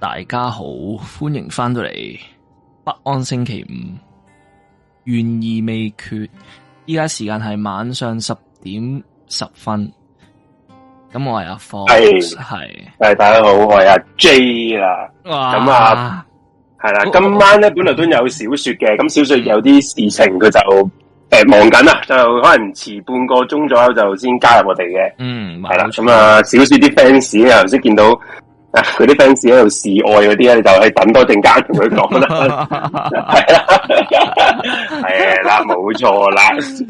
大家好，歡迎翻到嚟《不安星期五，懸而未決》。依家時間係晚上十點十分，咁我係阿火，係係，大家好，我係阿 J 啦哇。咁啊，係啦哇，今晚咧本來都有小說嘅，咁、哦、小說有啲事情佢就誒、嗯呃、忙緊啦，就可能遲半個鐘左右就先加入我哋嘅。嗯，係啦，咁啊，小說啲 fans 啊頭先見到。嗰啲 fans 喺度示愛嗰啲咧，就去等多陣間同佢講啦，係啦，係啦，冇錯啦，示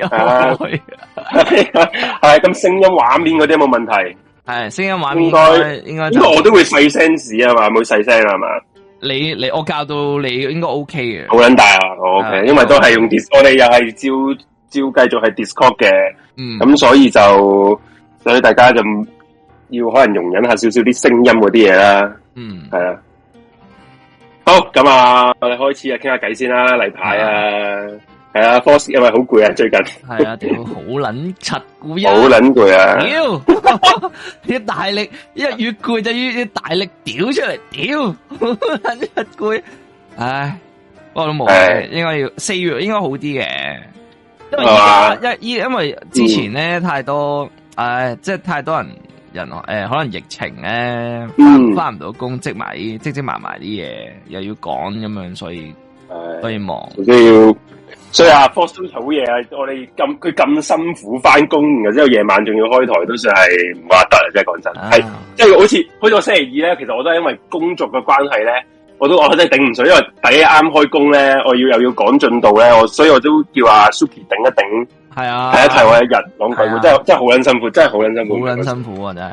係係咁聲音畫面嗰啲有冇問題？係聲音畫面應該應該，因為我都會細聲啲啊嘛，冇細聲啦嘛。你你我教到你應該 OK 嘅，好撚大啊，OK，因為都係用 Disc，我哋又係照照繼續係 Discord 嘅，咁所以就所以大家就。要可能容忍下少少啲聲音嗰啲嘢啦，嗯，係啊。好，咁啊，我哋開始聊聊啊，傾下偈先啦，例牌啊，係啊，four，因為好攰啊，最近係啊，屌好卵七股音，好卵攰啊，屌要大力，一越攰就越要大力屌出嚟，屌一攰，唉，不過我都冇，啊、應該要四月應該好啲嘅，因為而家一因為之前咧、嗯、太多，唉、呃，即係太多人。人誒，可能疫情咧，翻唔到工，積埋積積埋埋啲嘢，又要趕咁樣，所以，嗯、所以忙。所以阿 Fast 好嘢，我哋咁佢咁辛苦翻工，然之後夜晚仲要開台，都算係唔話得啦！真係講真，係即係好似去到星期二咧，其實我都係因爲工作嘅關係咧，我都我真係頂唔順，因爲第一啱開工咧，我要又要趕進度咧，我所以我都叫阿 Suki 頂一頂。係啊，第一提我一日講佢，真係真係好撚辛苦，真係好撚辛苦，好撚辛苦啊！真係，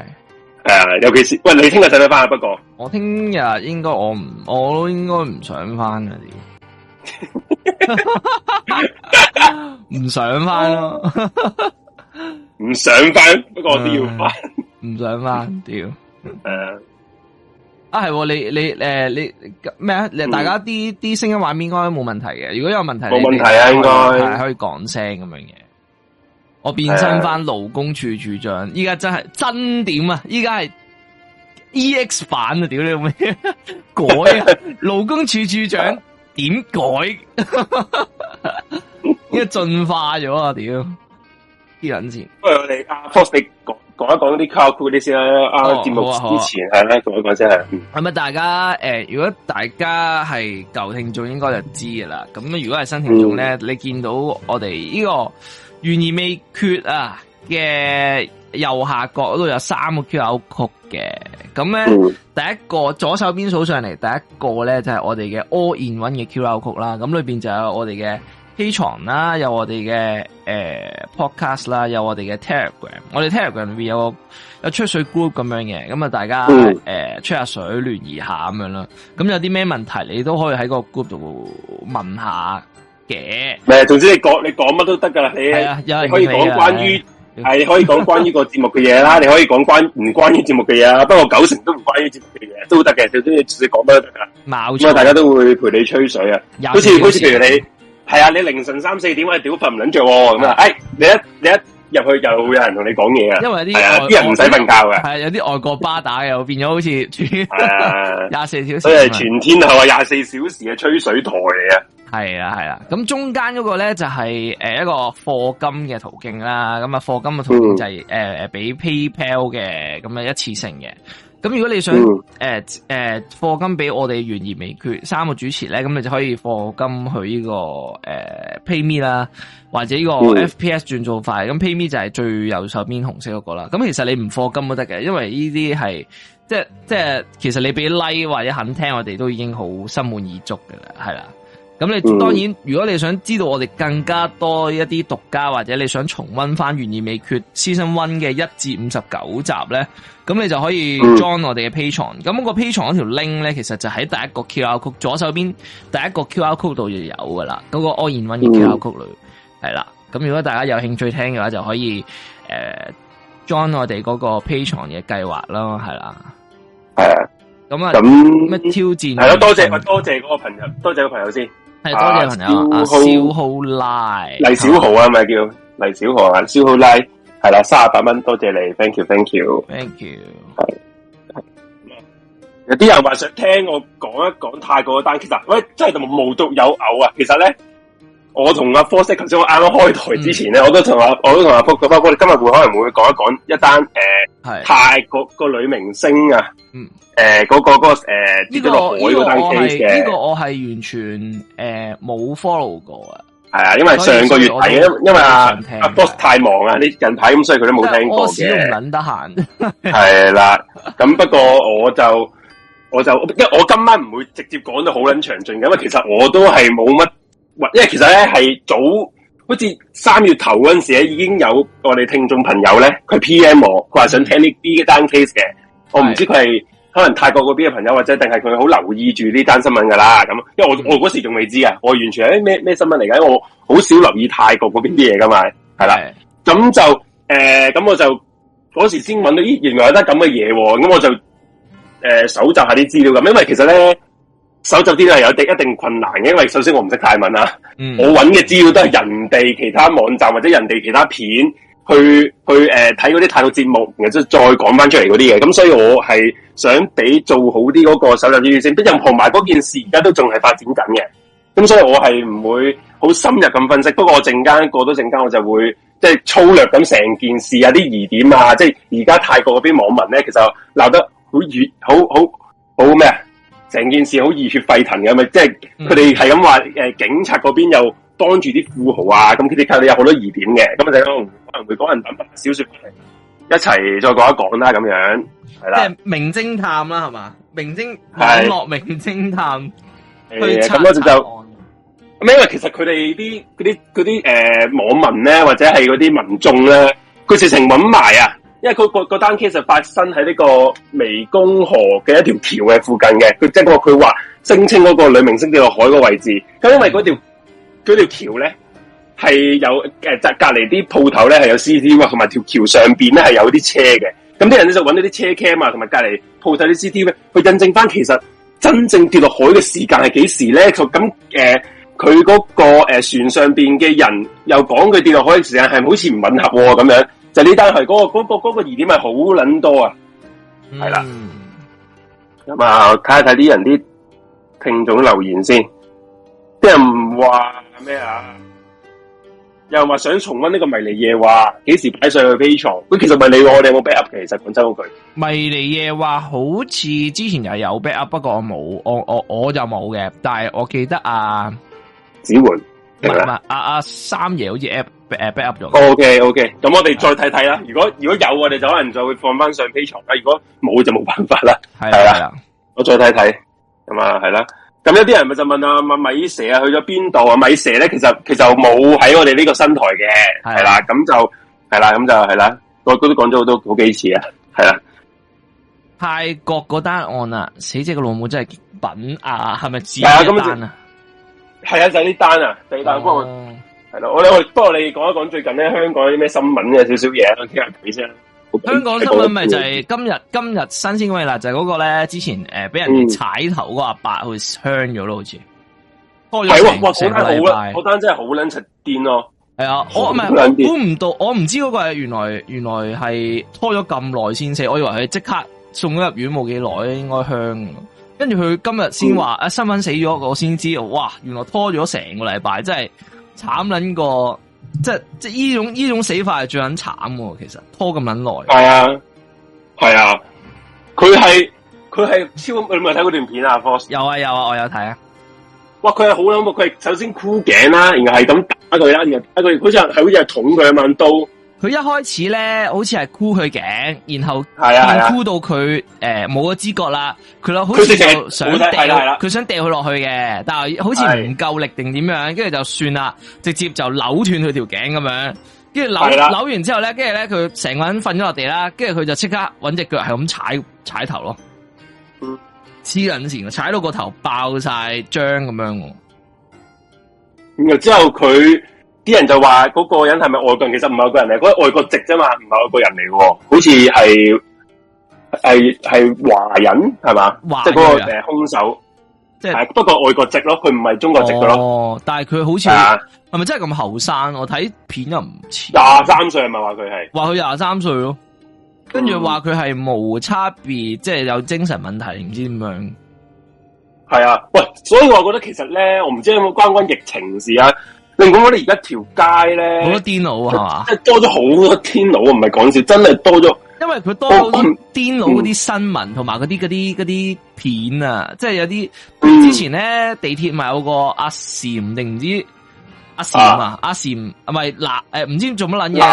係啊，尤其是喂，你聽日使唔使返啊？不過我聽日應該我唔，我都應該唔想返啲。唔想返咯，唔想返，不過都要返，唔想返，屌，誒，啊係，你你誒你咩啊？你大家啲啲聲音畫面應該冇問題嘅，如果有問題，冇問題啊，應該係可以講聲咁樣嘅。我變身翻勞工處處長，依家真係真點啊！依家係 E X 反啊！屌、啊、你咩 改啊？勞 工處處長點改？呢家進化咗啊！屌啲不如我哋阿 Fox，你講一講啲考古嗰啲先啦。啊，節、哦啊、目之前係啦，講一講先係。係咪大家誒、呃，如果大家係舊聽眾，應該就知噶啦。咁如果係新聽眾咧，嗯、你見到我哋呢、這個。懸而未決啊嘅右下角度有三個 QR code 嘅，咁咧第一個左手邊數上嚟，第一個咧就係、是、我哋嘅 All In one 嘅 QR code 啦，咁裏邊就有我哋嘅起床啦，有我哋嘅誒 Podcast 啦，有我哋嘅 Telegram，我哋 Telegram 面有個有吹水 group 咁樣嘅，咁啊大家誒吹下、呃、水，聯誼下咁樣啦，咁有啲咩問題你都可以喺個 group 度問一下。嘅，唔總之你講你講乜都得噶啦，你可以講關於係可以講關於個節目嘅嘢啦，你可以講關唔關於節目嘅嘢，啦。不過九成都唔關於節目嘅嘢都得嘅，最中意最講乜都得噶，因為大家都會陪你吹水啊，好似好似譬如你係啊，你凌晨三四點喂屌瞓唔卵着咁啊，哎你一你一入去就會有人同你講嘢啊，因為啲人唔使瞓覺嘅，係有啲外國巴打嘅，變咗好似誒四小時，所係全天係嘛廿四小時嘅吹水台嚟啊。係啦，係啦，咁中間嗰個咧就係、是、誒一個課金嘅途徑啦，咁啊課金嘅途徑就係誒誒俾 PayPal 嘅咁樣一次性嘅，咁如果你想誒誒、mm. 呃呃、課金俾我哋懸而未決三個主持咧，咁你就可以課金去呢、這個誒、呃、PayMe 啦，或者呢個 FPS 轉數快，咁、mm. PayMe 就係最右手邊紅色嗰個啦。咁其實你唔課金都得嘅，因為呢啲係即係即係其實你俾 like 或者肯聽我哋都已經好心滿意足嘅啦，係啦。咁你、嗯、當然，如果你想知道我哋更加多一啲獨家，或者你想重溫翻懸而未決 season one 嘅一至五十九集咧，咁你就可以 join 我哋嘅 Patreon。咁、嗯、個 Patreon 嗰條 link 咧，其實就喺第一個 QR code 左手邊第一個 QR code 度就有噶啦。嗰、那個 all in one 嘅 QR code 裏係啦。咁、嗯、如果大家有興趣聽嘅話，就可以誒 join、呃、我哋嗰個 Patreon 嘅計劃啦。係啦，係啊。咁啊，咁咩挑戰呢？係咯，多謝，多謝嗰個朋友，多謝個朋友先。係多謝朋友啊！小豪拉黎小豪啊，係咪叫黎小豪啊？小豪拉係啦，三十八蚊，多謝你，thank you，thank you，thank you, Thank you. Thank you. 有啲人話想聽我講一講泰國嗰單其實，喂，真係讀無獨有偶啊，其實咧。我同阿科色，頭先我啱啱開台之前咧，我都同阿我都同阿波講，包括我今日會可能會講一講一單誒，泰國個女明星啊，嗯，誒，嗰個嗰個誒，跌咗落海嗰單 case 嘅呢個呢個我係呢個我係完全誒冇 follow 過啊，係啊，因為上個月係，因因為阿阿波太忙啦，呢近排咁，所以佢都冇聽過嘅，都唔捻得閒，係啦，咁不過我就我就因為我今晚唔會直接講到好捻詳盡嘅，因為其實我都係冇乜。因為其實咧係早，好似三月頭嗰陣時咧，已經有我哋聽眾朋友咧，佢 PM 我，佢話想聽呢 B 嘅單 case 嘅。我唔知佢係可能泰國嗰邊嘅朋友，或者定係佢好留意住呢單新聞噶啦。咁，因為我我嗰時仲未知啊，我完全係咩咩新聞嚟噶，我好少留意泰國嗰邊啲嘢噶嘛，係啦。咁就誒，咁、呃、我就嗰時先揾到，咦，原來有得咁嘅嘢，咁我就誒、呃、搜集下啲資料咁，因為其實咧。搜集啲係有定一定困難嘅，因為首先我唔識泰文啊，嗯、我揾嘅資料都係人哋其他網站或者人哋其他片去去誒睇嗰啲泰國節目，然後再講翻出嚟嗰啲嘢，咁所以我係想俾做好啲嗰個搜集資料先。畢竟同埋嗰件事而家都仲係發展緊嘅，咁所以我係唔會好深入咁分析。不過我陣間過到陣間，我就會即係、就是、粗略咁成件事啊，啲疑點啊，即係而家泰國嗰邊網民咧，其實鬧得好熱，好好好咩啊？成件事好熱血沸騰嘅，咪即係佢哋係咁話誒，警察嗰邊又當住啲富豪啊，咁佢哋睇你有好多疑點嘅，咁啊，就可能會講人品小說嚟，一齊再講一講啦，咁樣係啦，即係名偵探啦，係嘛，名偵的網絡名偵探查查，佢咁咧就咩因為其實佢哋啲嗰啲嗰啲誒網民咧，或者係嗰啲民眾咧，佢直情揾埋啊。因為佢個個單 case 就發生喺呢個湄公河嘅一條橋嘅附近嘅，佢即係話佢話聲稱嗰個女明星跌落海個位置，咁因為嗰條嗰條橋咧係有誒、呃、隔隔籬啲鋪頭咧係有 C T V，同埋條橋上邊咧係有啲車嘅，咁啲人咧就揾咗啲車 cam 啊，同埋隔籬鋪頭啲 C T V 去印證翻，其實真正跌落海嘅時間係幾時咧？咁誒，佢、呃、嗰個誒船上邊嘅人又講佢跌落海嘅時間係好似唔吻合咁樣。就呢單係嗰個個、嗰個疑點係好捻多啊，係啦、嗯。咁啊，睇下睇啲人啲聽眾留言先。啲人唔話咩啊？又話想重溫呢個迷離夜話，幾時擺上去 Patreon？咁其實唔理你，我哋有冇 backup？其實本身嗰句迷離夜話好似之前係有 backup，不過我冇，我我我就冇嘅。但係我記得啊，子桓。咁啊，阿三爺好似 app 誒 backup 咗。OK，OK，okay, okay, 咁我哋再睇睇啦。如果如果有我哋就可能就會放翻上 Patreon 啦。如果冇就冇辦法啦。係啦的，我再睇睇。咁啊，係啦。咁有啲人咪就問啊，米蛇啊去咗邊度啊？米蛇咧，其實其實冇喺我哋呢個新台嘅。係啦，咁就係啦，咁就係啦。我嗰都講咗好多好幾次啊。係啦，泰國嗰單案啊，死者個老母真係極品啊，係咪啊？係啊，就呢、是、單啊，第二單。嗯、不過係咯，我哋、啊、不過你講一講最近咧香港啲咩新聞嘅少少嘢，我聽下睇先。香港新聞咪就係今日今日新鮮鬼啦，就係嗰個咧之前誒俾、呃嗯、人踩頭嗰阿伯去香咗咯，好似拖咗成個禮拜。嗰單真係好撚柒癲咯，係啊，我唔係估唔到，我唔知嗰個係原來原來係拖咗咁耐先死，我以為佢即刻送咗入院冇幾耐，應該香。跟住佢今日先話，嗯、啊新聞死咗我先知道，哇原來拖咗成個禮拜，真係慘捻過，即係即係呢種呢種死法係最捻慘，其實拖咁捻耐。係啊，係啊，佢係佢係超，你咪睇嗰段片啊？有啊，有啊，我有睇啊。哇，佢係好捻惡，佢係首先箍頸啦、啊，然後係咁打佢啦，然後打佢好似係好似係捅佢一萬刀。佢一開始咧，好似係箍佢頸，然後變箍到佢誒冇咗知覺啦。佢落好似就想掟，係啦，佢了想掟佢落去嘅，但係好似唔夠力定點樣，跟住的就算啦，直接就扭斷佢條頸咁樣。跟住扭的扭完之後咧，跟住咧佢成個人瞓咗落地啦，跟住佢就即刻搵隻腳係咁踩踩頭咯。黐緊線，踩到個頭爆晒漿咁樣。咁啊之後佢。啲人就話嗰個人係咪外國人？其實唔係外國人嚟，嗰個外國籍啫嘛，唔係外國人嚟嘅，好似係系係華人係嘛？即係嗰個誒兇手，即係、就是、不過外國籍咯，佢唔係中國籍嘅咯。哦、但係佢好似係咪真係咁後生？我睇片又唔似廿三歲，係咪話佢係話佢廿三歲咯。跟住話佢係無差別，嗯、即係有精神問題，唔知點樣。係啊，喂，所以我覺得其實咧，我唔知有冇關關疫情事啊。另外一條街呢，我哋而家條街咧好多癲佬係嘛，即係多咗好多癲佬啊，唔係講笑，真係多咗。因為佢多咗好多癲佬嗰啲新聞，同埋嗰啲啲啲片啊，即係有啲之前咧、嗯、地鐵咪有個阿禪定唔知阿禪啊阿禪啊咪嗱誒，唔知做乜捻嘢？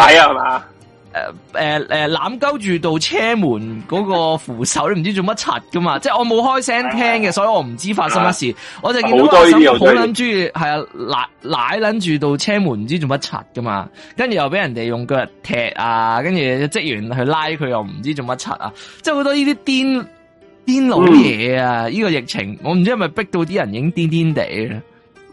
啊，誒誒誒攬勾住到車門嗰個扶手， 你唔知做乜柒噶嘛？即係我冇開聲聽嘅， 所以我唔知發生乜事。 我就見好多好諗住係啊，拉奶捻住到車門，唔知做乜柒噶嘛？跟住又俾人哋用腳踢啊，跟住職員去拉佢，又唔知做乜柒啊！即係好多呢啲癲癲老嘢啊！呢、嗯、個疫情，我唔知係咪逼到啲人已經癲癲地。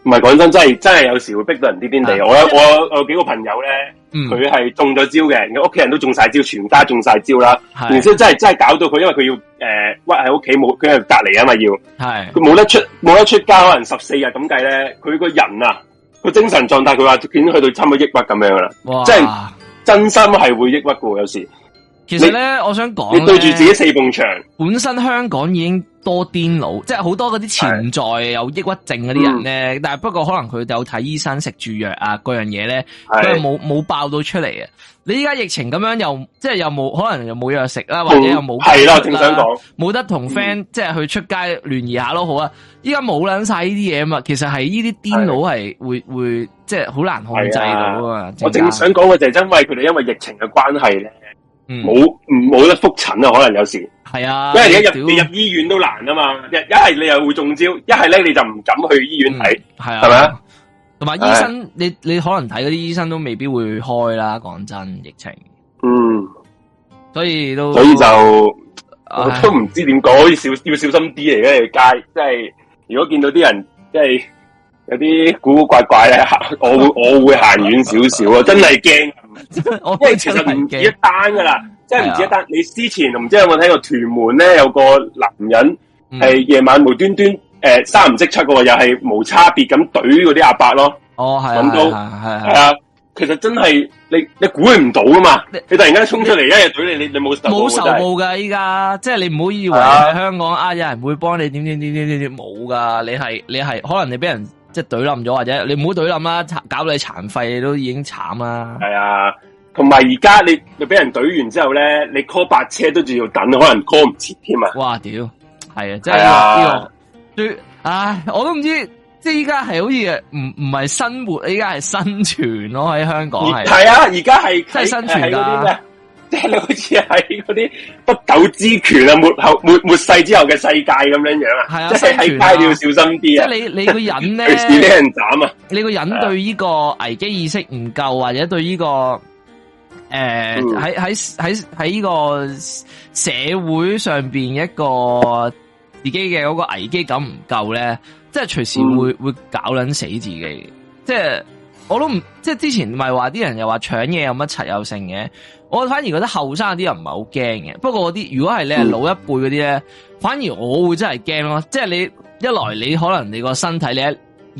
唔係講真，真係真係有時會逼到人癲癲地。我我有幾個朋友咧。佢係、嗯、中咗招嘅，佢屋企人都中晒招，全家中晒招啦。然之後真係真係搞到佢，因為佢要誒屈喺屋企冇，佢喺隔籬啊嘛要，佢、呃、冇是得出冇得出街可能十四日咁計咧，佢個人啊個精神狀態，佢話見到去到差唔多抑鬱咁樣啦，即係哇真，真心係會抑鬱噶，有時。其實咧，你我想講，你對住自己四埲牆，本身香港已經。多癲佬，即係好多嗰啲潛在是的 有抑鬱症嗰啲人咧，嗯、但係不過可能佢有睇醫生食住藥啊，嗰樣嘢咧都冇冇爆到出嚟。你依家疫情咁樣又即係又冇可能又冇藥食啦，嗯、或者又冇係啦。我正想講，冇得同 friend 即係去出街聯誼下咯，好啊。依家冇捻晒呢啲嘢啊嘛，其實係呢啲癲佬係會是的 會，會即係好難控制到啊。的正下我正想講嘅就係因為佢哋因為疫情嘅關係咧。冇唔冇得復診啊？可能有時係啊，因為而家入你入醫院都難啊嘛，一一係你又會中招，一係咧你就唔敢去醫院睇，係、嗯、啊，同埋係咪醫生、啊、你你可能睇嗰啲醫生都未必會開啦，講真，疫情，嗯，所以都所以就、啊、我都唔知點講，要、啊、要小心啲嚟嘅，街即係、就是、如果見到啲人即係。就是有啲古古怪怪咧，行我會我會行遠少少啊！真係驚，因為其實唔止一單噶啦，即係唔止一單。你之前唔知有冇睇過屯門咧有個男人係夜晚無端端誒三唔識七嘅，又係無差別咁懟嗰啲阿伯咯。哦，係，係係係啊！其實真係你你估佢唔到噶嘛？你突然間衝出嚟一日懟你，你你冇仇冇仇無噶依家，即係你唔好以為香港啊有人會幫你點點點點點點冇噶，你係你係可能你俾人。即係懟冧咗或者，你唔好懟冧啦，搞到你殘廢你都已經慘啦。係啊，同埋而家你你俾人懟完之後咧，你 call 白車都仲要等，可能 call 唔切添啊。哇、就是這個，屌，係啊，即係呢個，唉，我都唔知，即係依家係好似唔唔係生活，依家係生存咯喺香港係。係啊，而家係即係生存啊。即係你好似喺嗰啲不朽之權啊，末後末末世之後嘅世界咁樣樣啊，即係喺街要小心啲啊！即係、啊就是、你你個人咧，你俾人斬、啊、你個人對呢個危機意識唔夠，或者對呢、這個誒喺喺喺喺呢個社會上邊一個自己嘅嗰個危機感唔夠咧，即係隨時會、嗯、會搞撚死自己。即、就、係、是、我都唔即係之前唔係話啲人又話搶嘢有乜齊有性嘅。我反而覺得後生啲又唔係好驚嘅，不過嗰啲如果係你係老一輩嗰啲咧，反而我會真係驚咯。即係你一來你可能你個身體你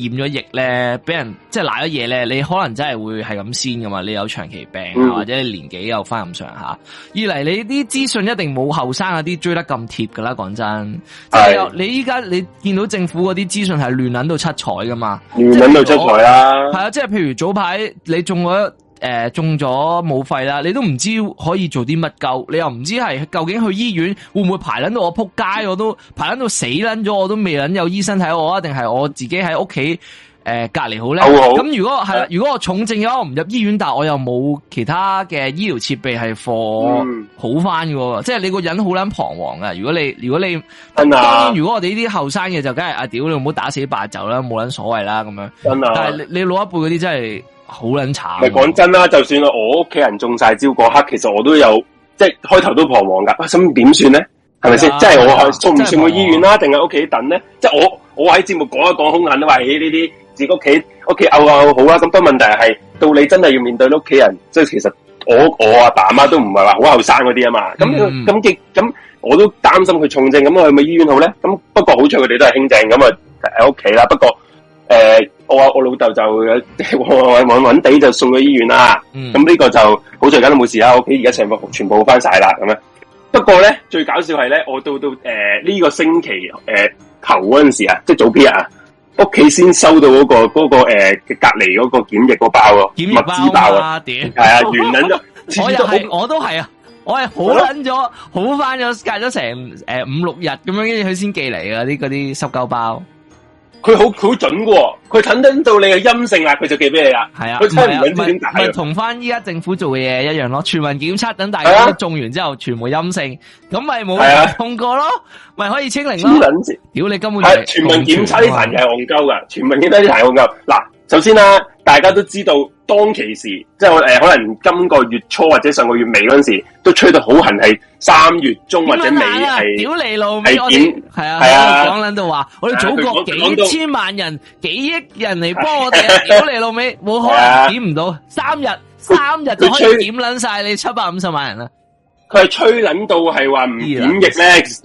一染咗疫咧，俾人即係攋咗嘢咧，你可能真係會係咁先噶嘛。你有長期病、啊嗯、或者你年紀又翻咁上下。二嚟你啲資訊一定冇後生嗰啲追得咁貼噶啦。講真，即係你依家你見到政府嗰啲資訊係亂撚到七彩噶嘛，亂撚到七彩啦。係啊，即係譬如早排你中咗。誒、呃，中咗冇肺啦，你都唔知可以做啲乜鳩，你又唔知係究竟去醫院會唔會排撚到我扑街，我都排撚到死撚咗，我都未撚有醫生睇我啊，定係我自己喺屋企誒隔離好咧。咁、哦、如果係啦、嗯，如果我重症嘅話，我唔入醫院，但係我又冇其他嘅醫療設備係貨好翻喎。即係你個人好撚彷徨嘅。如果你如果你、嗯、當然，如果我哋呢啲後生嘅就梗係阿屌，你唔好打死八走啦，冇撚所謂啦咁樣。嗯、但係你，你老一輩嗰啲真係。好撚慘！咪講、啊、真啦，就算我屋企人中晒招嗰刻，其實我都有即係開頭都彷徨噶，咁點算咧？係咪先？即係、啊啊、我去唔、啊、算去醫院啦、啊？定係屋企等咧？即係我我喺節目講一講，好眼都話起呢啲，自己屋企屋企拗拗好啦、啊。咁、那、不、個、問題係到你真係要面對屋企人，即係其實我我阿爸阿媽都唔係話好後生嗰啲啊嘛。咁咁既咁，那嗯、我都擔心佢重症，咁去咪醫院好咧？咁不過好彩佢哋都係輕症，咁啊喺屋企啦。不過誒。呃我話我老豆就穩穩穩穩地就送去醫院啦，咁呢、嗯、個就好沒 OK, 在梗都冇事啦，屋企而家全部全部翻晒啦咁樣。不過咧最搞笑係咧，我到到誒呢、呃這個星期誒、呃、頭嗰陣時即啊，即係早啲啊，屋企先收到嗰個嗰個誒隔離嗰個檢疫嗰包喎，物資包啊，點係啊，亂諗咗。我又係，我都係啊， 我係吧好諗咗，好翻咗隔咗成誒五六日咁樣，跟住佢先寄嚟噶啲嗰啲濕膠包。佢好好準喎、哦，佢肯定到你嘅陰性啦，佢就寄俾你啦。係啊，佢猜唔準就點，咪同翻依家政府做嘅嘢一樣咯，全民檢測等大家中完之後，全部陰性，咁咪冇係通過咯，咪、啊、可以清零咯。屌民你根本係全民檢測啲人係戇鳩噶，全民檢測呢排戇鳩嗱。首先啦，大家都知道，當其時即係我誒，可能今個月初或者上個月尾嗰陣時，都吹到好痕，係。三月中或者尾，屌你老味，我哋係啊，講捻到話，我哋祖國幾千萬人、幾億人嚟幫我哋，屌你老味！冇可能檢唔到。三日、三日就可以檢捻晒你七百五十萬人啦。佢係吹捻到係話唔檢疫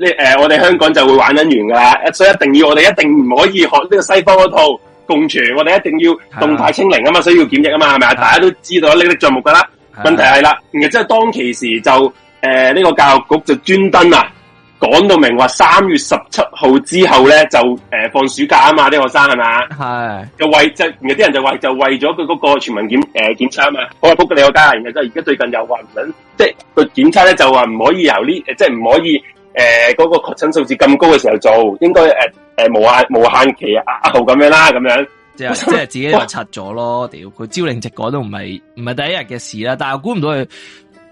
咧，誒，我哋香港就會玩捻完噶啦，所以一定要我哋一定唔可以學呢個西方嗰套，共存，我哋一定要動態清零啊嘛，所以要檢疫啊嘛，係咪啊？的大家都知道，歷歷在目噶啦。問題係啦，然後即係當其時就誒呢、呃這個教育局就專登啊講到明話，三月十七號之後咧就誒、呃、放暑假啊嘛，啲、這個、學生係咪啊？係。的就為即啲人就為就為咗佢嗰個全民檢誒檢測啊嘛，好話扑佢你個街，然後即係而家最近又話唔准，即係個檢測咧就話、是、唔可以由呢，即係唔可以。誒，嗰、呃那個確診數字咁高嘅時候做，應該誒誒無限無限期壓壓號咁樣啦，咁樣即係是 即係自己又拆咗咯。屌，佢朝令夕改都唔係唔係第一日嘅事啦。但係估唔到佢，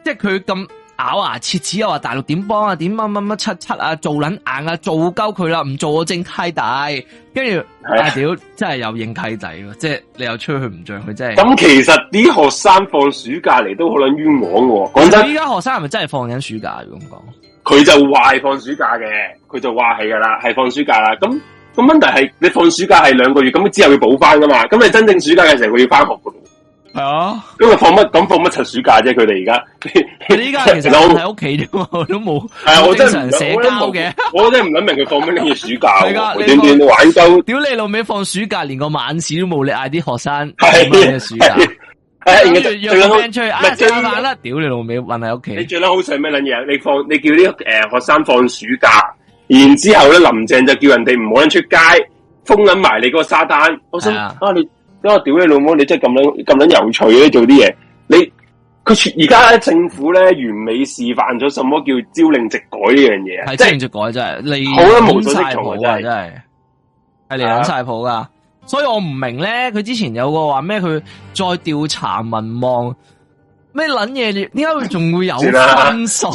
即係佢咁咬牙切齒又話大陸點幫啊，點乜乜乜七七啊，做捻硬啊，做鳩佢啦，唔做我正契弟。跟住，係啊，屌，真係又認契仔喎，即係你又吹佢唔漲，佢真係。咁其實啲學生放暑假嚟都好捻冤枉嘅、啊。講真，依家學生係咪真係放緊暑假咁、啊、講？佢就話放暑假嘅，佢就話係噶啦，係放暑假啦。咁咁問題係你放暑假係兩個月，咁之後要補翻噶嘛？咁你真正暑假嘅時候要學，佢要翻學噶。係啊，因為放乜咁放乜柒暑假啫？佢哋而家你依家 其實都喺屋企都冇係啊！我真係寫交嘅，我真係唔諗明佢放乜嘢暑假，短斷玩鳩。屌你老味，放暑假連個晚市都冇，你嗌啲學生係嘅的暑假。最好唔最啦！屌你老味，混喺屋企。你最捻好趣咩捻嘢？你放你叫啲誒學生放暑假，然之後咧林鄭就叫人哋唔好捻出街，封緊埋你嗰個沙灘。我想啊，你屌你老母，你真係咁捻咁捻有趣做啲嘢。你佢而家咧政府咧完美示範咗什麼叫朝令夕改呢樣嘢啊！招令直改真係，你好啦，冇晒譜真係，真係係你晒譜噶。所以我唔明咧，佢之前有個話咩？佢再調查民望咩捻嘢？點解會仲會有分數？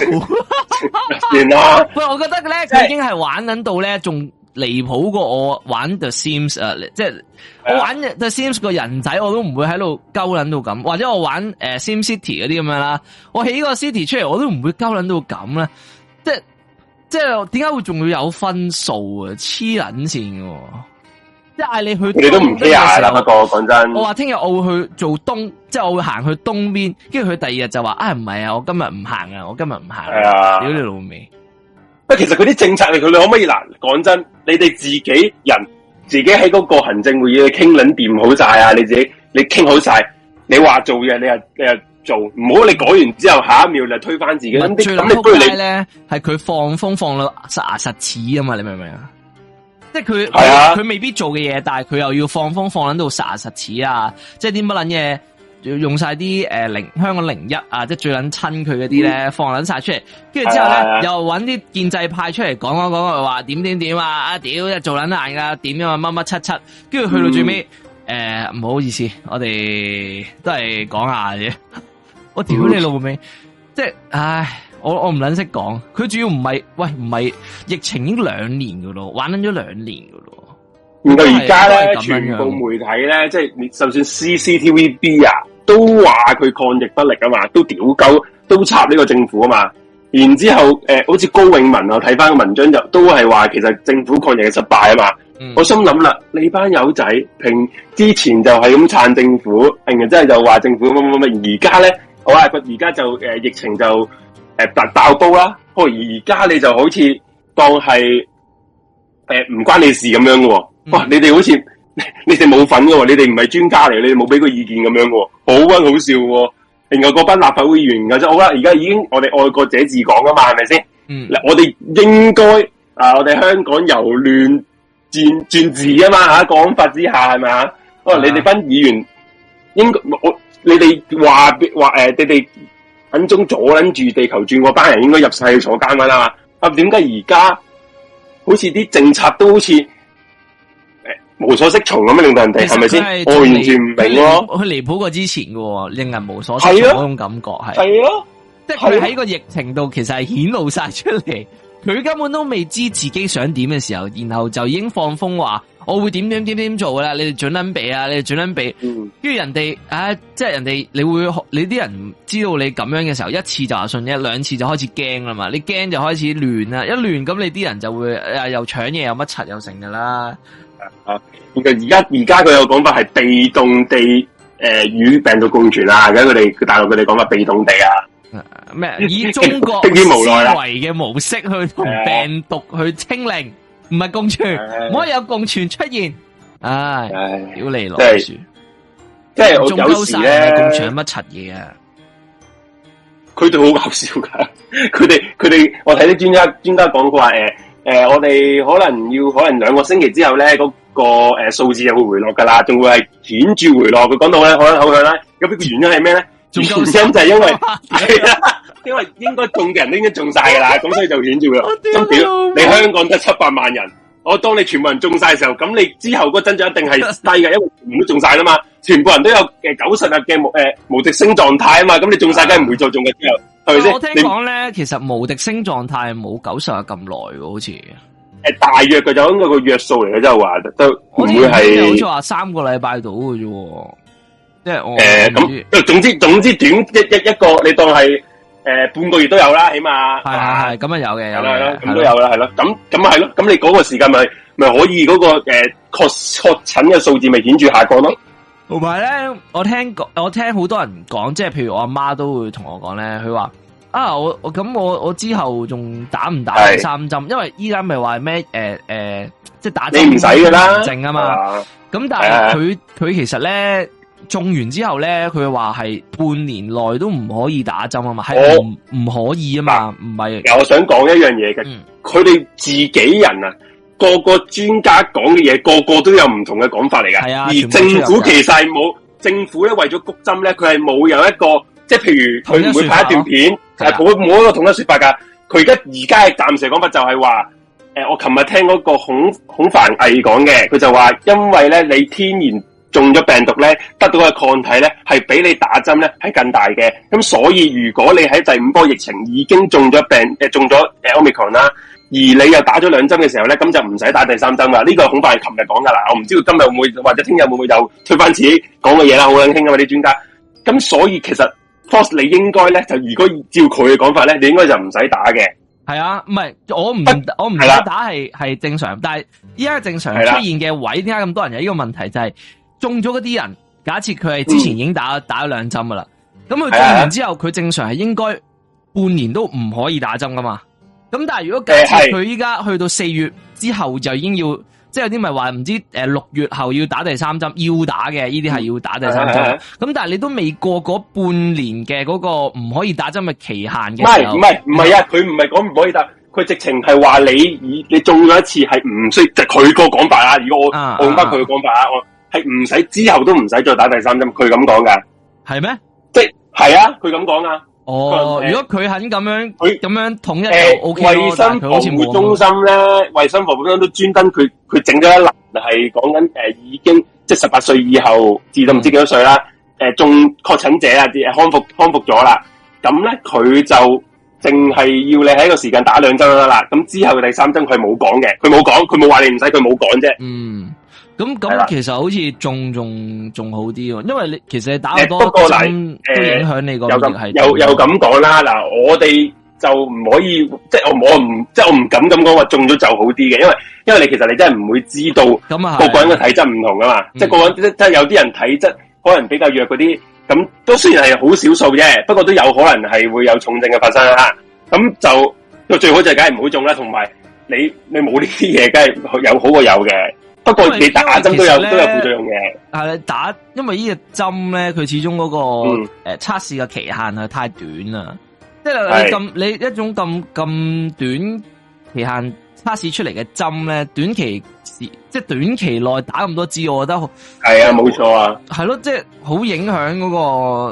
喂，我覺得佢咧已經係玩捻到咧，仲離譜過我玩 The Sims 啊！即係的我玩 The Sims 個人仔，我都唔會喺度鳩捻到咁。或者我玩誒、呃、Sim City 嗰啲咁樣啦，我起個 City 出嚟，我都唔會鳩捻到咁呢。即係即係，點解會仲會有分數啊？黐捻線即係嗌你去，你都唔知啊。一個講真，我話聽日我會去做東，即係我會行去東邊。跟住佢第二日就話啊，唔係啊，我今日唔行啊，我今日唔行。係啊，屌你老味！不過其實佢啲政策嚟，佢哋可唔可以難？講真，你哋自己人，自己喺嗰個行政會議傾捻掂好晒啊！你自己，你傾好晒，你話做嘢，你又你又做，唔好你改完之後下一秒你就推翻自己。咁你咁你不如你咧，係佢放風放到實牙實齒啊嘛？你明唔明啊？即係佢，佢未必做嘅嘢，但係佢又要放風放捻到實牙實齒啊！即係啲乜撚嘢，用晒啲誒零香港零一啊，即係最撚親佢嗰啲咧，放捻晒出嚟，跟住之後咧又搵啲建制派出嚟講講講嚟話點點點啊！啊屌，又做捻難噶、啊，點啊乜乜七七，跟住去到最尾，誒唔、嗯呃、好意思，我哋都係講下嘅啫，我屌你老味，嗯、即係唉。我我唔捻識講，佢主要唔係喂唔係疫情已經兩年噶咯，玩緊咗兩年噶咯。而家咧，呢全部媒體咧，即係你就算 CCTV B 啊，都話佢抗疫不力啊嘛，都屌鳩，都插呢個政府啊嘛。然之後誒、呃，好似高永文啊，睇翻個文章就都係話，其實政府抗疫嘅失敗啊嘛。嗯、我心諗啦，你班友仔平之前就係咁撐政府，平日真係就話政府乜乜乜，而家咧，我話而家就誒、呃，疫情就。誒，打鬥啦，不過而家你就好似當係誒唔關你事咁樣嘅、哦，嗯、哇！你哋好似你哋冇份喎，你哋唔係專家嚟，你哋冇俾個意見咁樣喎、哦。好温好笑、哦。另外嗰班立法會議員嘅，即係而家已經我哋愛國者治港啊嘛，係咪先？嗯、我哋應該啊，我哋香港由亂轉轉治啊嘛，吓、嗯，講、啊、法之下係咪啊？你哋班議員應該我，你哋話話誒，你哋。揾鐘阻捻住地球轉嗰班人應該入晒去坐監啦嘛！啊，點解而家好似啲政策都好似誒無所適從咁樣令到人哋係咪先？我完全唔明咯，佢離譜過之前喎，令人無所適從嗰種感覺係。係咯、啊，即係佢喺個疫情度，其實係顯露晒出嚟。佢根本都未知自己想點嘅時候，然後就已經放風話。我會點點點點做啦，你哋準捻備啊，你哋準捻備、啊。跟住、嗯、人哋、啊，即係人哋，你會你啲人知道你咁樣嘅時候，一次就話信一兩次就開始驚啦嘛。你驚就開始亂啦，一亂咁你啲人就會啊又搶嘢又乜柒又成噶啦。啊，而家而家佢有講法係被動地誒與、呃、病毒共存啦，而家佢哋大陸佢哋講法被動地啊，咩以中國思維嘅模式去同病毒去清零。唔係共存，唔唉可以有共存出現。唉，屌你老樹，即係、就是就是、有時咧，共存乜柒嘢啊？佢哋好搞笑噶，佢哋佢哋，我睇啲專家專家講過話，誒、呃、誒，我哋可能要可能兩個星期之後咧，嗰、那個誒數、呃、字就會回落噶啦，仲會係顯著回落。佢講到咧，可能好香啦，咁呢個原因係咩咧？原因就係因為。 因為應該中嘅人應該中晒噶啦，咁所以就點住咯。真表你香港得七百萬人，我當你全部人中晒嘅時候，咁你之後嗰增長一定係低嘅，因為全部中晒啦嘛，全部人都有九十日嘅無誒無敵星狀態啊嘛，咁你中晒梗係唔會再中嘅，之後係咪先？我聽講咧，其實無敵星狀態冇九十日咁耐嘅，好似誒大約佢就咁個個約數嚟嘅，即係話都唔會係好似話三個禮拜到嘅啫。即係我誒咁，總之總之短一一一個，你當係。誒，半個月都有啦，起碼係係咁啊，有嘅有啦，咁都有啦，係咯，咁咁係咯，咁你嗰個時間咪咪可以嗰個誒確確診嘅數字咪顯住下降咯？同埋咧，我聽講，我聽好多人講，即係譬如我阿媽都會同我講咧，佢話啊，我咁我我之後仲打唔打三針？因為而家咪話咩誒誒，即係打針唔使嘅啦，證啊嘛。咁但係佢佢其實咧。種完之後咧，佢話係半年內都唔可以打針啊嘛，係唔唔可以啊嘛，唔係我。是我想講一樣嘢嘅，佢哋、嗯、自己人啊，個個專家講嘅嘢，個個都有唔同嘅講法嚟㗎。係啊，而政府其實係冇政府咧，為咗谷針咧，佢係冇有一個，即係譬如佢唔會拍一段片，係冇冇一個統一說法噶。佢而家而家係暫時講法就係話，誒、呃，我琴日聽嗰個孔孔凡毅講嘅，佢就話因為咧，你天然。中咗病毒咧，得到嘅抗體咧，係比你打針咧係更大嘅。咁所以如果你喺第五波疫情已經中咗病，呃、中咗 omicron 啦，而你又打咗兩針嘅時候咧，咁就唔使打第三針啦。呢、呢個恐怕係琴日講噶啦，我唔知道今日會唔會或者聽日會唔會又推翻自己講嘅嘢啦。好撚興啊，啲專家。咁所以其實 force 你應該咧，就如果照佢嘅講法咧，你應該就唔使打嘅。係啊，唔係我唔、啊、我唔知打係係、啊、正常，但係依家正常出現嘅位點解咁多人有呢、呢個問題就係、係？中咗嗰啲人，假設佢係之前已經打、嗯、打咗兩針噶啦，咁佢中完之後，佢、啊、正常係應該半年都唔可以打針噶嘛。咁但係如果假設佢依家去到四月之後，就已經要，是是即係有啲咪話唔知誒六、呃、月後要打第三針，要打嘅呢啲係要打第三針。咁、嗯啊、但係你都未過嗰半年嘅嗰個唔可以打針嘅期限嘅時候，唔係唔係唔係啊，佢唔係講唔可以打，佢直情係話你你中咗一次係唔需，即係佢個講法啊。如果我、啊、我用翻佢個講法啊，我。係唔使，之後都唔使再打第三針，佢咁講噶，係咩嗎？即係係啊，佢咁講啊。哦，呃、如果佢肯咁樣，佢咁樣統一個、OK, 呃。衛生防護中心咧，衛生防護中心都專登，佢佢整咗一欄，係講緊誒，已經即係十八歲以後至到唔知幾多歲啦。誒、嗯，仲確診者啊，康復康復咗啦。咁咧，佢就淨係要你喺個時間打兩針就得啦。咁之後嘅第三針，佢冇講嘅，佢冇講，佢冇話你唔使，佢冇講啫。嗯。咁咁其實好似中仲仲吧好啲喎，因為你其實你打好多針，呃、影響你個係又又咁講啦嗱，我哋就唔可以即係我唔即係我唔敢咁講話中咗就好啲嘅，因為因為你其實你真係唔會知道個個人嘅體質唔同㗎嘛，的即係個個人，嗯、即係有啲人體質可能比較弱嗰啲，咁都雖然係好少數啫，不過都有可能係會有重症嘅發生吓，咁，嗯、就最好就梗係唔好中啦，同埋你你冇呢啲嘢，梗係有好過有嘅。不過你打針都有都有副作用嘅，係咧打，因為呢個針咧，佢始終嗰個誒測試嘅期限啊太短啦，即係你咁你一種咁咁短期限測試出嚟嘅針咧，短期時即係短期內打咁多支，我覺得係啊，冇錯啊，係咯，即係好影響嗰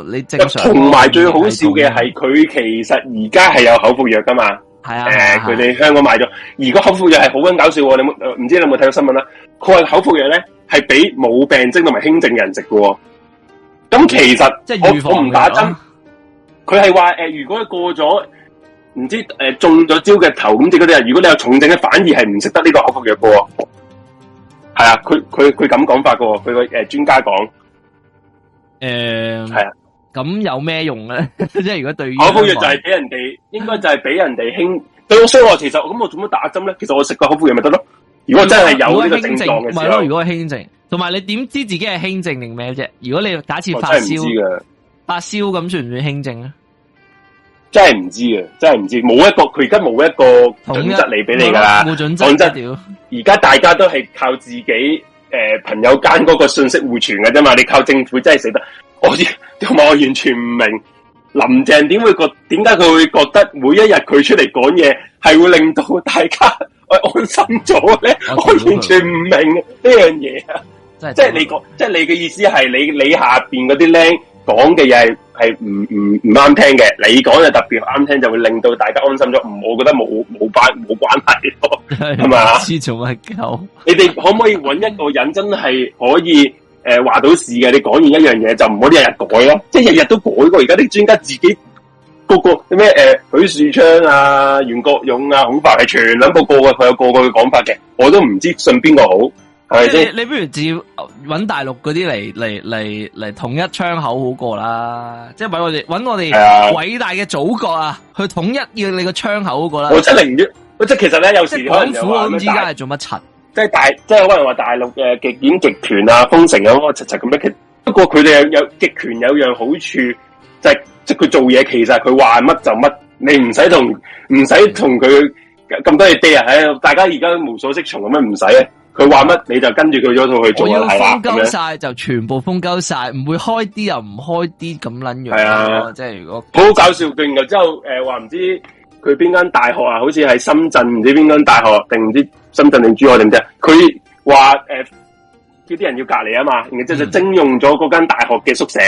個你正常。同埋最好笑嘅係，佢其實而家係有口服藥噶嘛。係啊，誒、呃，佢哋、啊、香港買咗。而果口服藥係好鬼搞笑的，你冇唔知你有冇睇過新聞啦、啊？佢話口服藥咧係俾冇病徵同埋輕症嘅人食嘅、哦。咁其實即係我我唔打針，佢係話誒，如果過咗唔知誒、呃、中咗招嘅頭咁，即嗰啲人，如果你有重症咧，反而係唔識得呢個口服藥嘅、哦。係啊，佢佢佢咁講法嘅，佢個誒專家講，誒係、呃、啊。咁有咩用咧？即 係如果對於口服藥就係俾人哋， 應該就係俾人哋輕。對我衰落，其實咁、哦、我做乜打針咧？其實我食過口服藥咪得咯。如果真係有呢個症狀，唔係咯？如果係輕症，同埋你點知自己係輕症定咩啫？如果你打假設發燒，真係唔知發燒咁算唔算輕症咧？真係唔知啊！真係唔知，冇一個佢而家冇一個準則嚟俾你噶啦。冇準則，而家大家都係靠自己誒、呃，朋友間嗰個信息互傳嘅啫嘛。你靠政府真係死得。我同埋，我完全唔明林鄭點會覺點解佢會覺得每一日佢出嚟講嘢係會令到大家安安心咗咧？我，我完全唔明呢樣嘢啊！即係你講，即係你嘅意思係你你下邊嗰啲僆講嘅嘢係係唔唔唔啱聽嘅，你講嘅特別啱聽，就會令到大家安心咗。唔，我覺得冇冇關冇關係咯，係嘛？你哋可唔可以揾一個人真係可以？誒，話、呃、到事嘅，你講完一樣嘢就唔好以日日改咯，即係日日都改過，而家啲專家自己個個咩誒，許樹、呃、昌啊、袁國勇啊、孔繁毅係全兩個各個嘅，佢有個個嘅講法嘅，我都唔知信邊個好，係咪即吧你，你不如直接搵大陸嗰啲嚟嚟嚟嚟統一窗口好過啦，即係搵我哋搵我哋偉大嘅祖國啊，啊去統一要你個窗口好過啦。我真寧願，我真即即其實咧有時好辛苦，咁家係做乜柒？即係大，即係可能話大陸嘅極權極權啊，封城咁啊，柒柒咁樣。不過佢哋有有極權有樣好處，就係即係佢做嘢，其實佢話乜就乜，你唔使同唔使同佢咁多嘢 deal 喺度，嗯、大家而家無所適從咁樣，唔使咧，佢話乜你就跟住佢咗套去做係嘛？封鳩曬就全部封鳩曬，唔會開啲又唔開啲咁捻樣。係啊，即係如果好搞笑勁嘅，之後誒話唔知。佢邊間大學啊？好似係深圳唔知邊間大學定唔知深圳定珠海定唔知佢話誒，叫啲人要隔離啊嘛，然後就徵用咗嗰間大學嘅宿舍，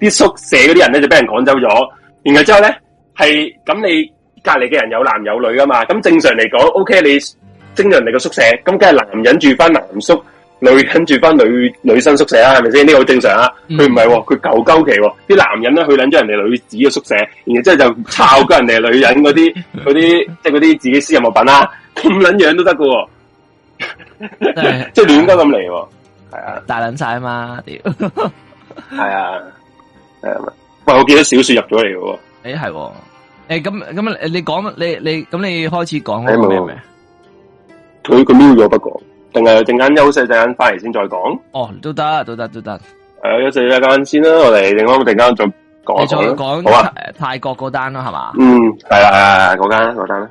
啲宿舍嗰啲人咧就俾人趕走咗，然後之後咧係咁，你隔離嘅人有男有女啊嘛？咁正常嚟講，OK，你徵用人哋個宿舍，咁梗係男人住翻男宿。女跟住翻女女生宿舍啊，係咪先？呢個好正常啊。佢唔係，佢舊鳩期、啊，啲男人咧去捻咗人哋女子嘅宿舍，然後即係就抄鳩人哋女人嗰啲嗰啲，即係嗰啲自己私人物品啦，咁捻樣都得噶，即係亂鳩咁嚟，係啊，大捻晒啊嘛，屌，係啊，係喂是， 我記得小說入咗嚟噶，誒係、欸，誒咁咁，你講，你你咁你開始講開咩咩？佢佢溜咗不講。定係陣間休息一陣間翻嚟先再講。哦，都得都得都得。係休息一陣間先啦，我哋，另外等陣再講。再講好啊！泰國嗰單啦，係嘛？嗯，係啦係啦係啦，嗰單嗰單啦。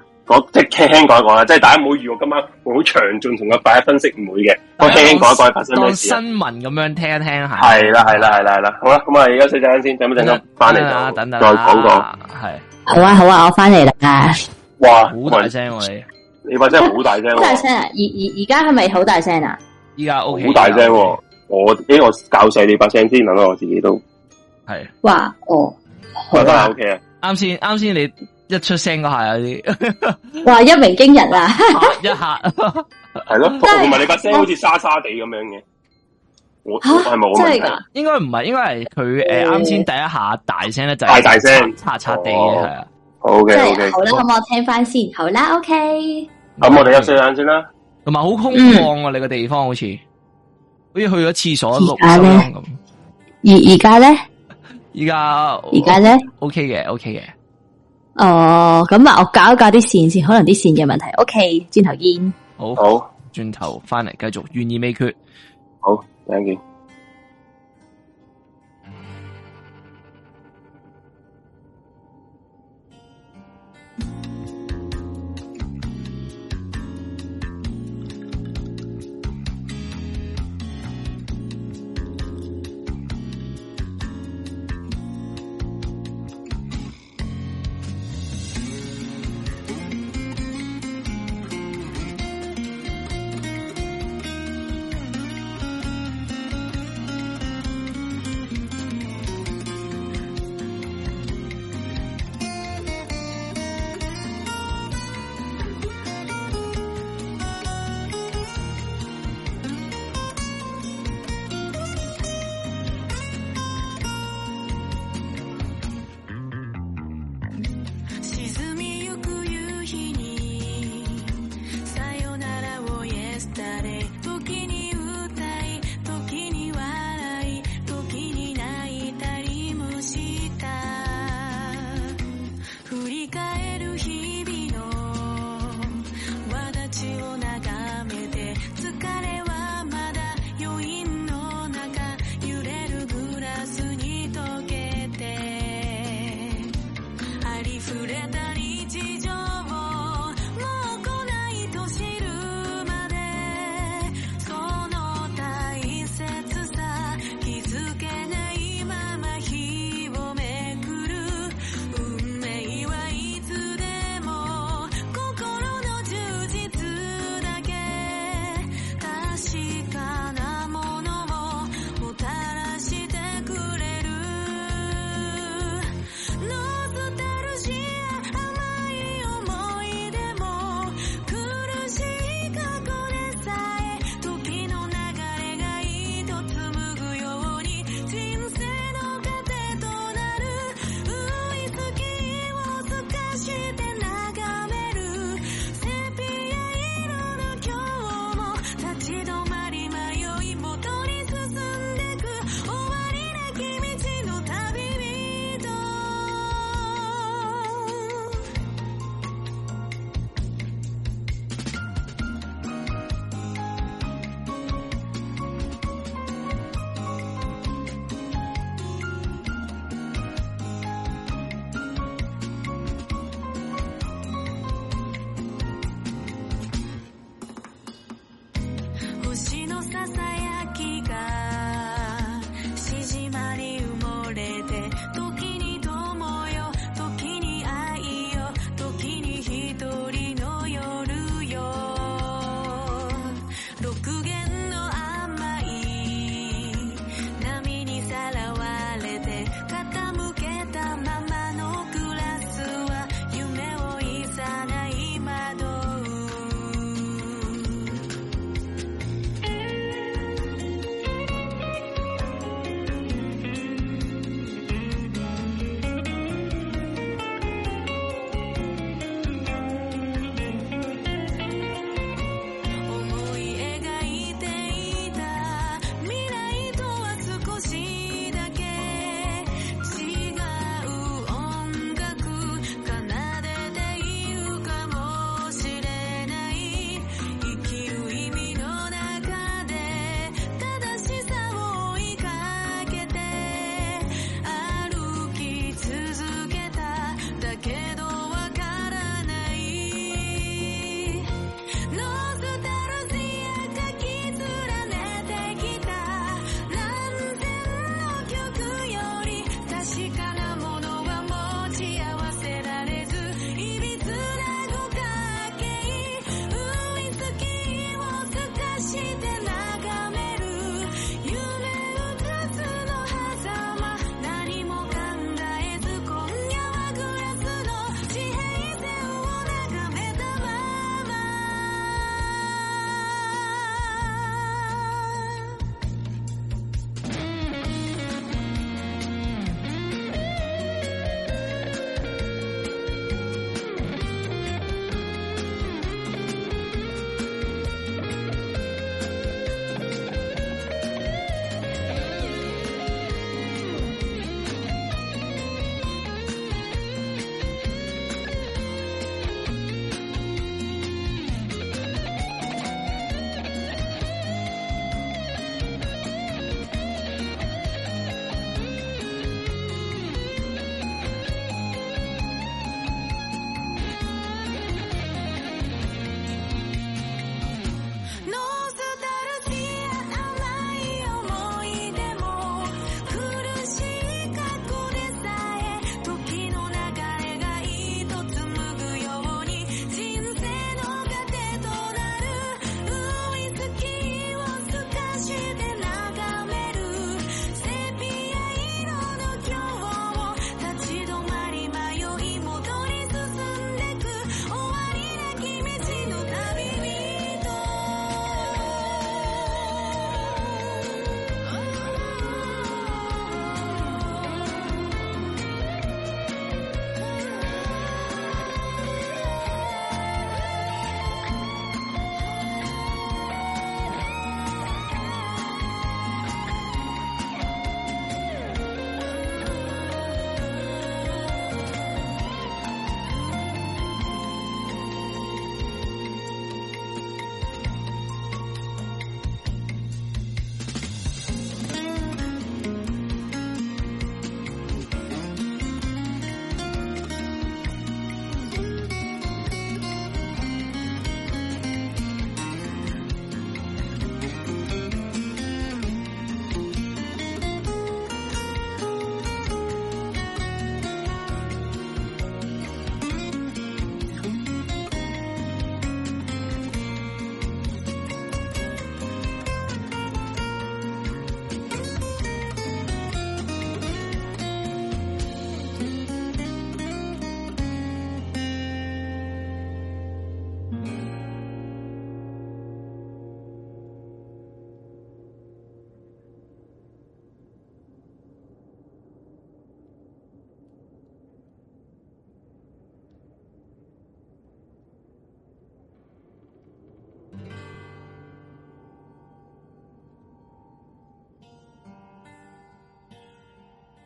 即係輕輕講一講啦，即係大家唔好預我今晚會好詳盡同佢擺一分析，唔會嘅。我輕輕講一講發生咩事。當新聞咁樣聽一聽下。係啦係啦係啦係啦。好啦，咁啊，休息一陣間先，等一陣間翻嚟再等等再講講。係。好啊好啊，我翻嚟啦。哇，好大聲你。你把聲好大聲，好大聲啊！而而而家係咪好大聲啊？依家 O K，好大聲！我呢我教細你把聲先，嗱我自己都係。哇哦，係都係 O K，啱先，啱先你一出聲嗰下有啲，哇！一鳴驚人啊！一下係咯，同埋你把聲好似沙沙地咁樣嘅，我係冇啊，應該唔係，應該係佢誒啱先第一下大聲咧，就係大聲，擦擦地嘅係啊。O K O K，好啦，咁我聽翻先，好啦，O K。咁我哋休息眼先啦，同埋好空曠啊！你個地方好似好似去咗廁所碌咁。而而家咧，而家而家咧，OK 嘅，OK 嘅。哦，咁啊，我搞一搞啲線先，可能啲線嘅問題。OK，轉頭見。好，好，轉頭翻嚟繼續，懸而未決。好，再見。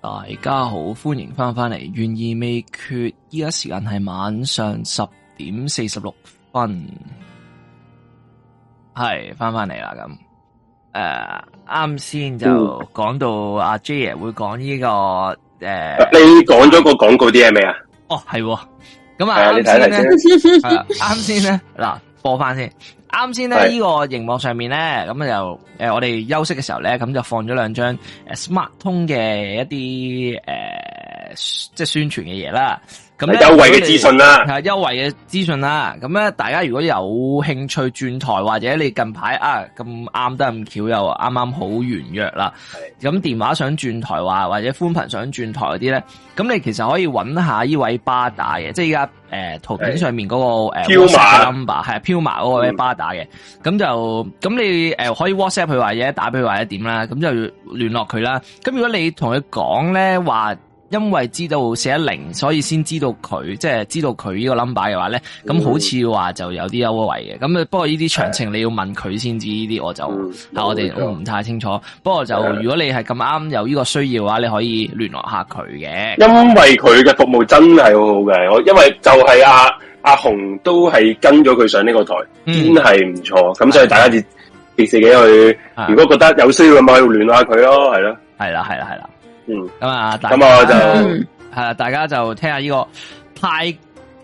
大家好，歡迎翻返嚟，願意未決，依家時間係晚上十點四十六分，係翻返嚟啦咁。誒，啱先、呃、就講到阿 Jay 會講呢、這個誒，呃、你講咗個廣告啲係咪啊？哦，係，咁啊，你睇先咧，啱先咧嗱。播翻先，啱先咧呢個熒幕上面咧，咁就是，誒、呃，我哋休息嘅時候咧，咁就放咗兩張誒 Smart 通嘅一啲誒、呃，即係宣傳嘅嘢啦。咁優惠嘅資訊啦，有優惠嘅資訊啦。咁咧，大家如果有興趣轉台，或者你近排啊咁啱得咁巧，又啱啱好完約啦。咁的電話想轉台話，或者寬頻想轉台嗰啲咧，咁你其實可以搵下呢位巴打嘅，即係而家誒圖片上面嗰、嗰個誒的、呃、WhatsApp 嘅 number，係飄麻嗰位巴打嘅。咁、嗯、就咁你誒、呃、可以 WhatsApp 佢或者打俾佢或者點啦，咁就聯絡佢啦。咁如果你同佢講咧話。因為知道寫零，所以先知道佢，即係知道佢呢個 number 嘅話咧，咁好似話就有啲優惠嘅。咁啊，不過呢啲詳情你要問佢先知呢啲，我就我哋唔太清楚。不過就如果你係咁啱有呢個需要嘅話，你可以聯絡下佢嘅。因為佢嘅服務真係好好嘅，我因為就係阿阿雄都係跟咗佢上呢個台，真係唔錯。咁所以大家自自己去，如果覺得有需要嘅話，要聯絡下佢咯，係咯，係啦，係啦，係啦。咁啊，咁、嗯、我就係大家就聽下呢個泰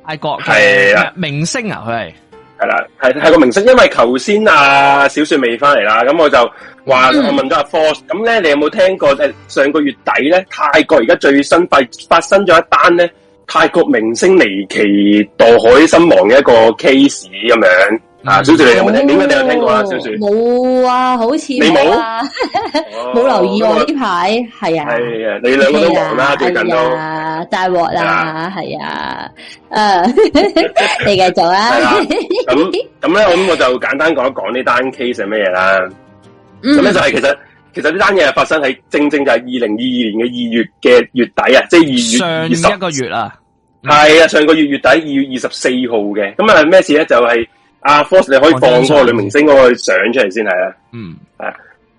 泰國係明星啊，佢係係啦係泰國明星，因為頭先啊小說未翻嚟啦，咁我就話我問咗阿 Force，咁咧你有冇聽過誒上個月底咧泰國而家最新發發生咗一單咧泰國明星離奇墮海身亡嘅一個 case 咁樣。啊，小雪你有冇聽？點解你有聽過啊？小雪冇啊，好似你冇，冇留意啊！呢排係啊，係啊，你兩個都忙啦，最近都啊，大鑊啦，係啊，誒，你繼續啊。咁咁咧，咁我就簡單講一講呢單 case 係咩嘢啦。咁咧就係其實其實呢單嘢係發生喺正正就係二零二二年嘅二月嘅月底啊，即係二月二十個月啊。係啊，上個月月底二月二十四號嘅。咁啊，咩事咧？就係。啊，Force 你可以放嗰個女明星嗰個相出嚟先係啊。嗯，啊，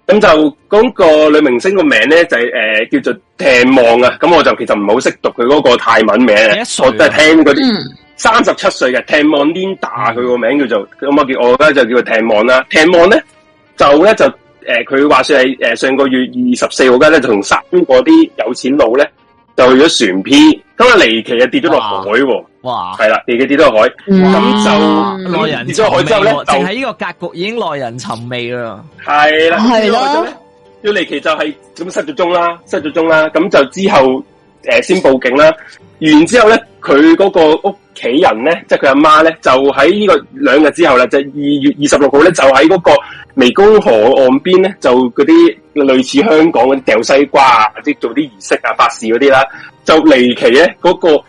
咁就嗰、那個女明星個名咧就係、是、誒、呃、叫做艇望啊。咁我就其實唔好識讀佢嗰個泰文名，一我都係聽嗰啲三十七歲嘅艇望 Linda，佢個名叫做咁啊叫，我而家就叫做艇望啦。艇望咧就咧就誒，佢、呃、話說係誒、呃、上個月二十四號間咧就同殺烏嗰啲有錢佬咧就去咗船 P，今日離奇就啊跌咗落海喎。係啦，地嘅地都海，咁就耐人尋味。淨係呢個格局已經耐人尋味啦。係啦了，係咯的。要離奇就係、是、咁失咗蹤啦，失咗蹤啦。咁就之後誒、呃、先報警啦。完之後咧，佢嗰個屋企人咧，即係佢阿媽咧，就喺、是、呢個兩日之後啦，就二月二十六號咧，就喺嗰個湄公河岸邊咧，就嗰啲類似香港咁掉西瓜啊，即係做啲儀式啊、法事嗰啲啦。就離奇咧，嗰、那個。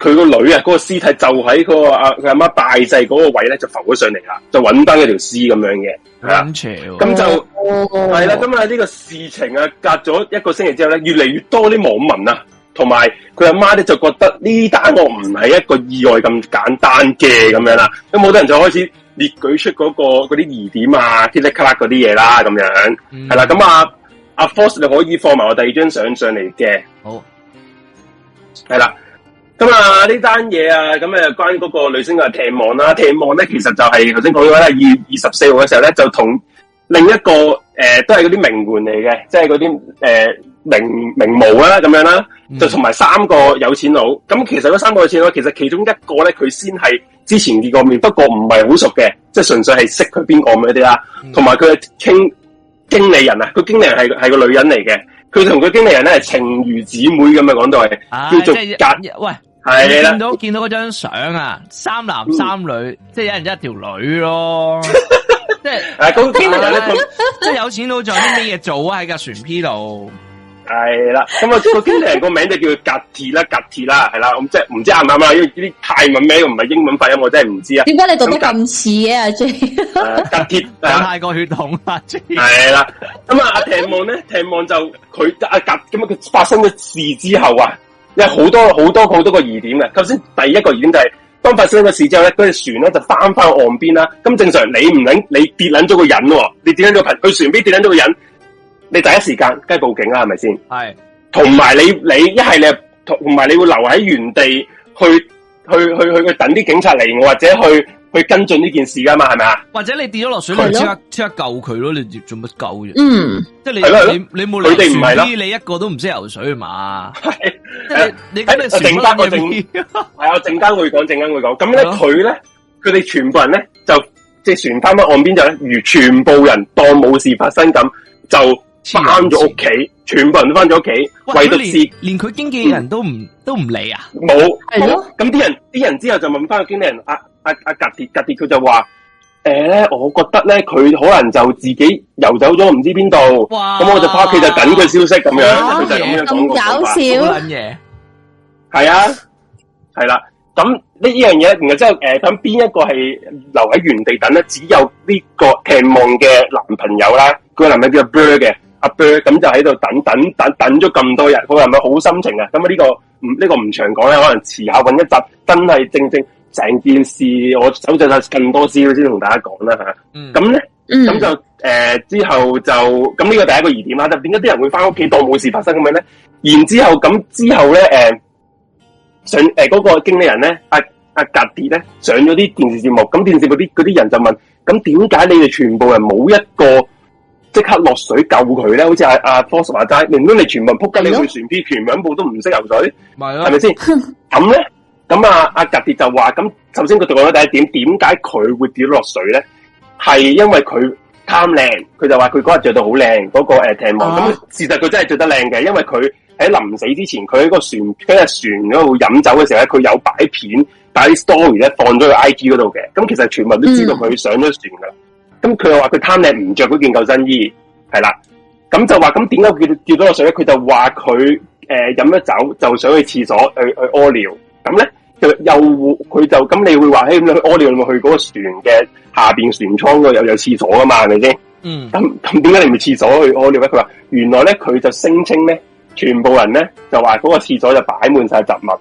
佢個女啊，嗰個屍體就喺個阿佢阿媽大祭嗰個位咧，就浮咗上嚟啦，就穩翻一條屍咁樣嘅，係啊，咁就係啦。咁啊呢個事情啊，隔咗一個星期之後咧，越嚟越多啲網民啊，同埋佢阿媽咧，就覺得呢單案唔係一個意外咁簡單嘅咁樣啦。咁冇得人就開始列舉出嗰個嗰啲疑點啊，噼里咔啦嗰啲嘢啦，咁樣係啦。咁啊，阿 Force 你可以放埋我第二張相上嚟嘅，好係啦。咁啊，呢單嘢啊，咁啊，關於嗰個女星個係聽望啦，聽望咧，其實就係頭先講咗啦，二月二十四號嘅時候咧，就同另一個誒、呃，都係嗰啲名媛嚟嘅，即係嗰啲誒名名模啦、啊，咁樣啦，嗯、就同埋三個有錢佬。咁、嗯、其實嗰三個有錢佬，其實其中一個咧，佢先係之前見過面，不過唔係好熟嘅，即係純粹係識佢邊個嗰啲啦。同埋佢嘅經經理人啊，佢經理人係係個女人嚟嘅，佢同佢經理人咧係情如姊妹咁樣講到係、啊、叫做喂。係啦，見到見到嗰張相啊，三男三女，即係一人一條女咯，即係咁點解咧？即係有錢佬仲有啲咩嘢做啊？喺架船 P 度係啦，咁啊，呢個經理人個名就叫格鐵啦，格鐵啦，係啦，咁即係唔知啱唔啱啊？因為呢啲泰文名唔係英文發音，我真係唔知啊。點解你讀得咁似嘅？啊？J 格鐵啊，泰國血統啊，J 係啦，咁啊，霆望咧，霆望就佢阿格，咁啊，佢發生咗事之後啊。有好多好多好多個疑點嘅，頭先第一個疑點就係當發生呢個事之後咧，嗰隻船咧就返返岸邊啦。咁正常，你唔擰你跌撚咗個人喎，你跌撚咗佢船邊跌撚咗個人，你第一時間梗係報警啦，係咪先？係，同埋你你一係你同埋你會留喺原地去去去去，去等啲警察嚟，或者去。去跟進呢件事噶嘛，係咪啊？或者你跌咗落水，咪即刻即刻救佢咯？你做乜救啫？嗯，即係你你哋唔你船，你一個都唔識游水嘛？係，你喺船。我陣間我正，係啊！陣間會講，陣間會講。咁咧，佢咧，佢哋全部人咧，就即係船翻咗岸邊就咧，如全部人當冇事發生咁，就翻咗屋企。全部人都翻咗屋企，唯獨是連佢經紀人都唔都唔理啊？冇冇！咁啲人啲人之後就問翻個經紀人啊。阿阿、啊啊、格碟格碟佢就話，誒，咧，我覺得咧，佢可能就自己遊走咗，唔知邊度。咁我就翻屋企就等佢消息，咁、啊、樣佢就咁樣講搞笑，法。嘢、嗯，係啊，係啦、嗯。咁呢呢樣嘢，然後之後，誒、呃，咁邊一個係留喺原地等咧？只有呢個劇夢嘅男朋友啦，佢個男朋友叫阿 bird 嘅，阿 bird 咁就喺度等等等等咗咁多日，佢係咪好心情啊？咁啊呢個唔呢、呢個唔長講咧，可能遲下搵一集，真係正正。成件事我搜集咗更多資料先同大家講啦吓，咁咧咁就誒、呃、之後就咁呢個第一個疑點啦，就點解啲人會返屋企當冇事發生咁樣咧？然後之後咁之後咧誒上誒嗰、呃嗰個經理人咧阿阿格迪咧上咗啲電視節目，咁電視嗰啲啲人就問：咁點解你哋全部人冇一個即刻落水救佢咧？好似係阿科 o u r 叔話齋，明明你全部人扑街，你去船邊、啊、全部人都唔識游水，係咪先？咁咧？咁啊，阿格迪就話：咁首先佢講咗第一點，點解佢會跌落水咧？係因為佢貪靚，佢就話佢嗰日着到好靚，嗰、那個誒艇帽。咁、啊、事、啊、實佢真係着得靚嘅，因為佢喺臨死之前，佢喺個船，即係船嗰度飲酒嘅時候咧，佢有擺片，擺啲 story 咧放咗去 I G 嗰度嘅。咁其實全民都知道佢上咗船噶啦。咁佢又話佢貪靚唔着嗰件救生衣，係啦。咁就話咁點解佢跌落水咧？佢就話佢誒飲咗酒，就想去廁所去去屙尿，咁咧。又佢就咁，你會話誒你去屙尿咪去嗰個船嘅下邊船艙嗰度有有廁所噶嘛？係咪先？嗯，咁咁點解你唔去廁所去屙尿咧？佢話原來咧佢就聲稱咧，全部人咧就話嗰個廁所就擺滿晒雜物，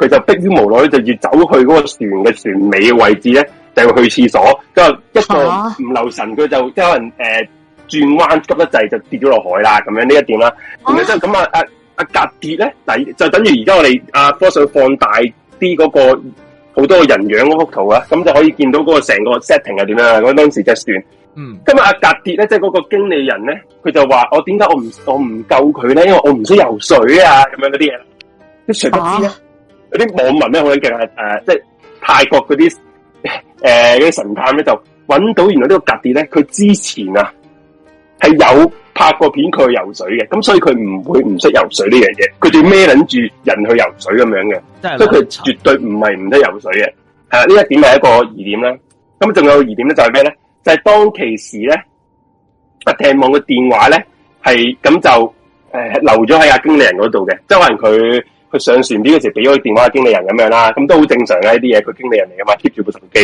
佢就迫於無奈就要走去嗰個船嘅船尾嘅位置咧，就要去廁所，之後一個唔留神佢，啊，就即係可能誒轉彎急得滯就跌咗落海啦。咁樣一，啊啊啊，呢一點啦，咁樣之後咁阿阿阿格跌咧，就就等於而家我哋阿科瑞放大。啲嗰個好多人樣嗰幅圖啊，咁就可以見到嗰個成個 setting 係點啦。咁當時就算。嗯，今日阿格跌咧，即係嗰個經理人咧，佢就話，我點解我唔我唔救佢咧？因為我唔識游水啊，咁樣嗰啲嘢啲誰不知咧。有啲網民咧，好撚勁啊！誒，呃，即係泰國嗰啲誒啲神探咧，就揾到原來呢個格跌咧，佢之前啊係有。拍個片佢去游水嘅，咁所以佢唔會唔識游水呢樣嘢，佢仲孭緊住人去游水咁樣嘅，是所以佢絕對唔係唔得游水嘅。係啦，呢一點係一個疑點啦。咁仲有個疑點咧，就係咩咧？就係當其時咧，阿訂網嘅電話咧係咁就誒留咗喺阿經理人嗰度嘅，即係可能佢佢上船呢個時俾咗個電話經理人咁樣啦，咁都好正常嘅呢啲嘢，佢經理人嚟噶嘛，keep 住部手機。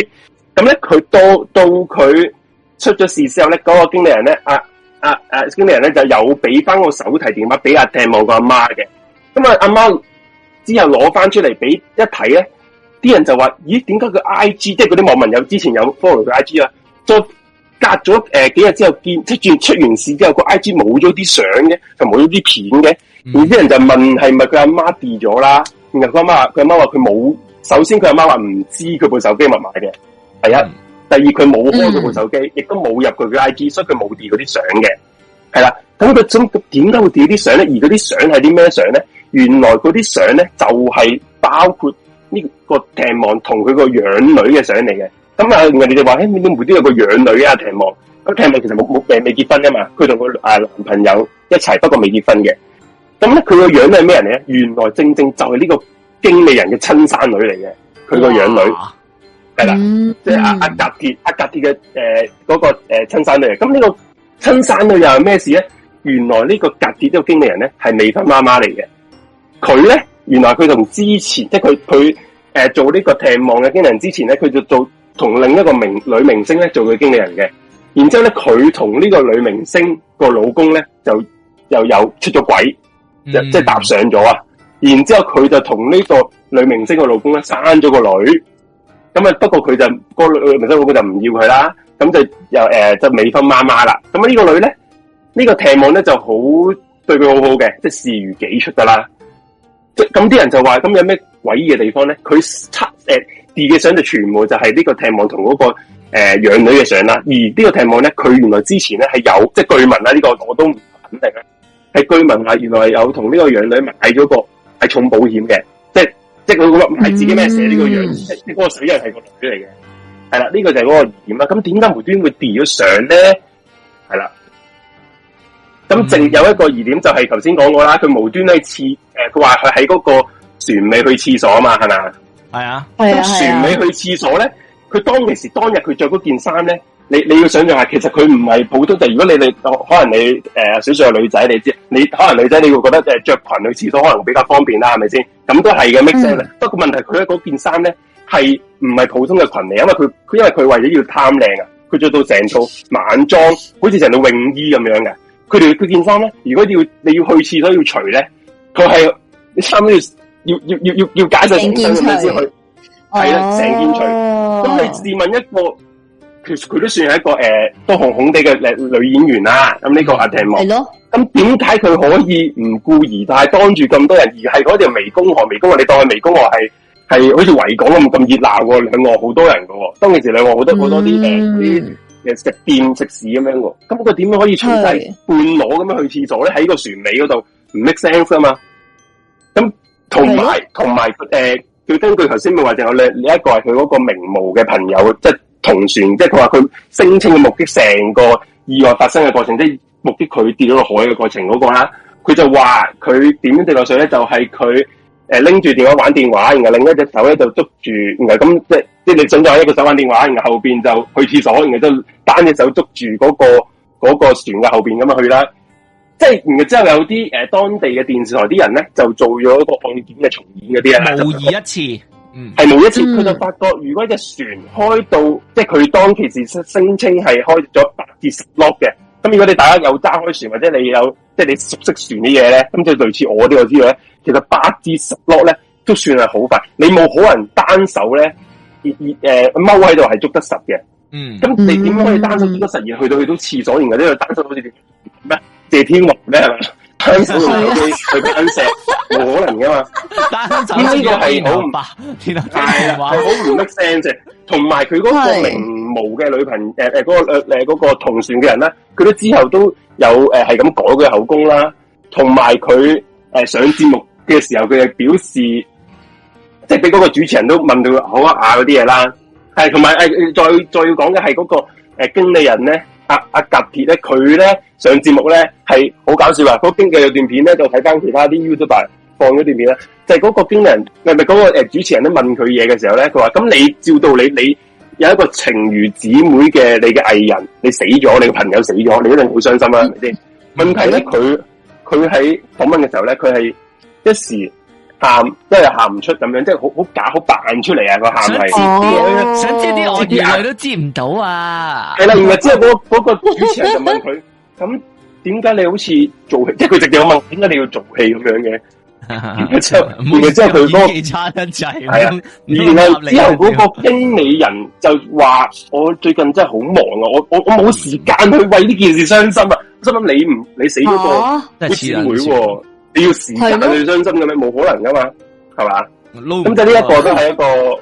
咁咧佢到到佢出咗事之後咧，嗰個經理人咧啊。阿阿經理人咧就有俾翻個手提電話俾阿鄧某個阿媽嘅，咁啊阿媽之後攞翻出嚟俾一睇咧，啲人就話：咦，點解佢 I G 即係嗰啲網民有之前有 follow 佢 I G 啊？再隔咗誒幾日之後見，見即住出完事之後，個 I G 冇咗啲相嘅，就冇咗啲片嘅。嗯、而啲人就問：係咪佢阿媽跌咗啦？然後佢阿媽話：佢阿媽話佢冇。首先佢阿媽話唔知佢部手機密碼嘅。第一、嗯。第二，佢冇開咗部手機，亦都冇入佢嘅 I G，所以佢冇 delete 嗰啲相嘅，係啦。咁佢點點解會 delete 啲相咧？而嗰啲相係啲咩相咧？原來嗰啲相咧就係包括呢個霆望同佢個養女嘅相嚟嘅。咁啊，你哋話，話咧，唔會都有個養女啊？霆望？咁霆望其實冇冇未結婚噶嘛？佢同個男朋友一齊，不過未結婚嘅。咁咧，佢個樣係咩人嚟咧？原來正正就係呢個經理人嘅親生女嚟嘅，佢個養女。係啦，是嗯嗯、即係阿阿格鐵、阿格鐵嘅誒嗰個誒親、呃、生女。咁呢個親生女又係咩事咧？原來呢個格鐵呢個經理人咧係未婚媽媽嚟嘅。佢咧原來佢同之前即係佢佢誒做呢個踢網嘅經理人之前咧，佢就做同另一個明女明星咧做佢經理人嘅。然之後咧佢同呢個女明星個老公咧就又有出咗軌，嗯、即係搭上咗啊！嗯、然之後佢就同呢個女明星個老公咧生咗個女。咁啊，不過佢就、嗰個女唔得，我佢就唔要佢啦。咁就又誒、呃，就未婚媽媽啦。咁呢個女咧，呢、這個踢望咧就對好對佢好好嘅，即係視如己出㗎啦。即咁啲人就話，咁有咩詭異嘅地方咧？佢自誒，自己嘅相就全部就係呢個踢望同嗰個誒養、呃、女嘅相啦。而這個網呢個踢望咧，佢原來之前咧係有，即係據聞啦。呢、這個我都唔肯定啦，係據聞啦。原來係有同呢個養女買咗個係重保險嘅。即係佢個係自己咩寫呢個樣？即係嗰個水印係個女嚟嘅，係啦，呢個就係嗰個疑點啦。咁點解無端會掉咗相咧？係啦，咁淨有一個疑點就係頭先講過啦，佢無端喺廁，誒、呃，佢話佢喺嗰個船尾去廁所啊嘛，係咪？係啊，咁船尾去廁所咧，佢當其時當日佢着嗰件衫咧。你你要想象下，其實佢唔係普通。就如果你你可能你誒，少數、呃、嘅女仔你知，你可能女仔你會覺得誒着、呃、裙去廁所可能比較方便啦，係咪先？咁都係嘅 make sense 不過問題佢喺嗰件衫咧係唔係普通嘅裙嚟，因為佢佢因為佢為咗要貪靚啊，佢着到成套晚裝，好似成套泳衣咁樣嘅。佢哋佢件衫咧，如果要你要去廁所要除咧，佢係你衫都要要要要要解咗先，先去係啦，成、哦、件除。咁、哦、你試問一個？佢都算係一個誒、呃，都紅紅地嘅女女演員啦。咁、啊、呢、這個阿婷冇。係、啊、咯。咁點解佢可以唔顧而戴，當住咁多人而係嗰條湄公河湄公河？公河你當係湄公河係係好似維港咁咁熱鬧？兩岸好多人嘅，當其時兩岸好多好多啲誒、呃，食店食肆咁樣。咁佢點樣可以穿低半裸咁樣去廁所咧？喺個船尾嗰度唔 make sense 啊嘛。咁同埋同埋誒，佢根據頭先咪話，就係另一個係佢嗰個名模嘅朋友，即係。同船，即係佢話佢聲稱嘅目擊成個意外發生嘅過程，即係目擊佢跌咗落海嘅過程嗰、嗰個啦。佢就話佢點樣跌落水咧，就係佢誒拎住電話玩電話，然後另一隻手咧就捉住，然後咁即係即係盡量用一個手玩電話，然後後邊就去廁所，然後就單一隻手捉住嗰、嗰個、嗰個船嘅後邊咁樣去啦。即係，然後之後有啲誒、呃、當地嘅電視台啲人咧，就做咗一個案件嘅重演嗰啲啊，模擬一次。係每一次，佢就發覺，如果隻船開到，嗯、即係佢當其時聲聲稱係開咗八至十 lock 嘅，咁如果你大家有揸開船，或者你有即係你熟悉船啲嘢咧，咁就類似我呢我知道咧，其實八至十 lock 咧都算係好快，你冇可能單手咧呃踎喺度係捉得實嘅，嗯，咁你點可以單手捉得實而去到去到廁所，然後咧單手好似咩謝天華咧？佢唔肯冇可能噶嘛。呢呢身個係好唔罷，係啊，好唔 make sense。同埋佢嗰個名模嘅女朋友，誒誒、 呃，嗰、嗰個誒、呃嗰個同船嘅人咧，佢都之後都有誒，係、呃、咁改佢口供啦。同埋佢誒上節目嘅時候，佢係表示，即係俾嗰個主持人都問到口啞啞嗰啲嘢啦。係同埋誒，再再要講嘅係嗰個誒、呃、經理人咧。阿阿甲鐵咧，佢咧、啊、上節目咧係好搞笑啊！嗰、那個、經典段片咧，就睇翻其他啲 YouTuber 放咗段片啦。就係嗰個經理人，係咪嗰個誒、呃、主持人咧問佢嘢嘅時候咧，佢話：咁你照道理，你有一個情如姊妹嘅你嘅藝人，你死咗，你嘅朋友死咗，你一定好傷心啊？係咪先？問題咧，佢佢喺訪問嘅時候咧，佢係一時。喊即係喊唔出咁樣，即係好好假好扮出嚟啊！個喊係，想知啲，想知啲我啲都知唔到啊！係啦，原來即係嗰個主持人就問佢：咁點解你好似做戲？即係佢直接問：點解你要做戲咁樣嘅？然後 然後之後原來即係佢嗰個差得滯。係啊，然後之後嗰個經理人就話： 我最近真係好忙啊！我我我冇時間去為呢件事傷心啊！心諗你唔你死咗個姊妹喎。」你要時間去傷心嘅咩？冇可能噶嘛，係嘛？咁就呢一個都係一個誒，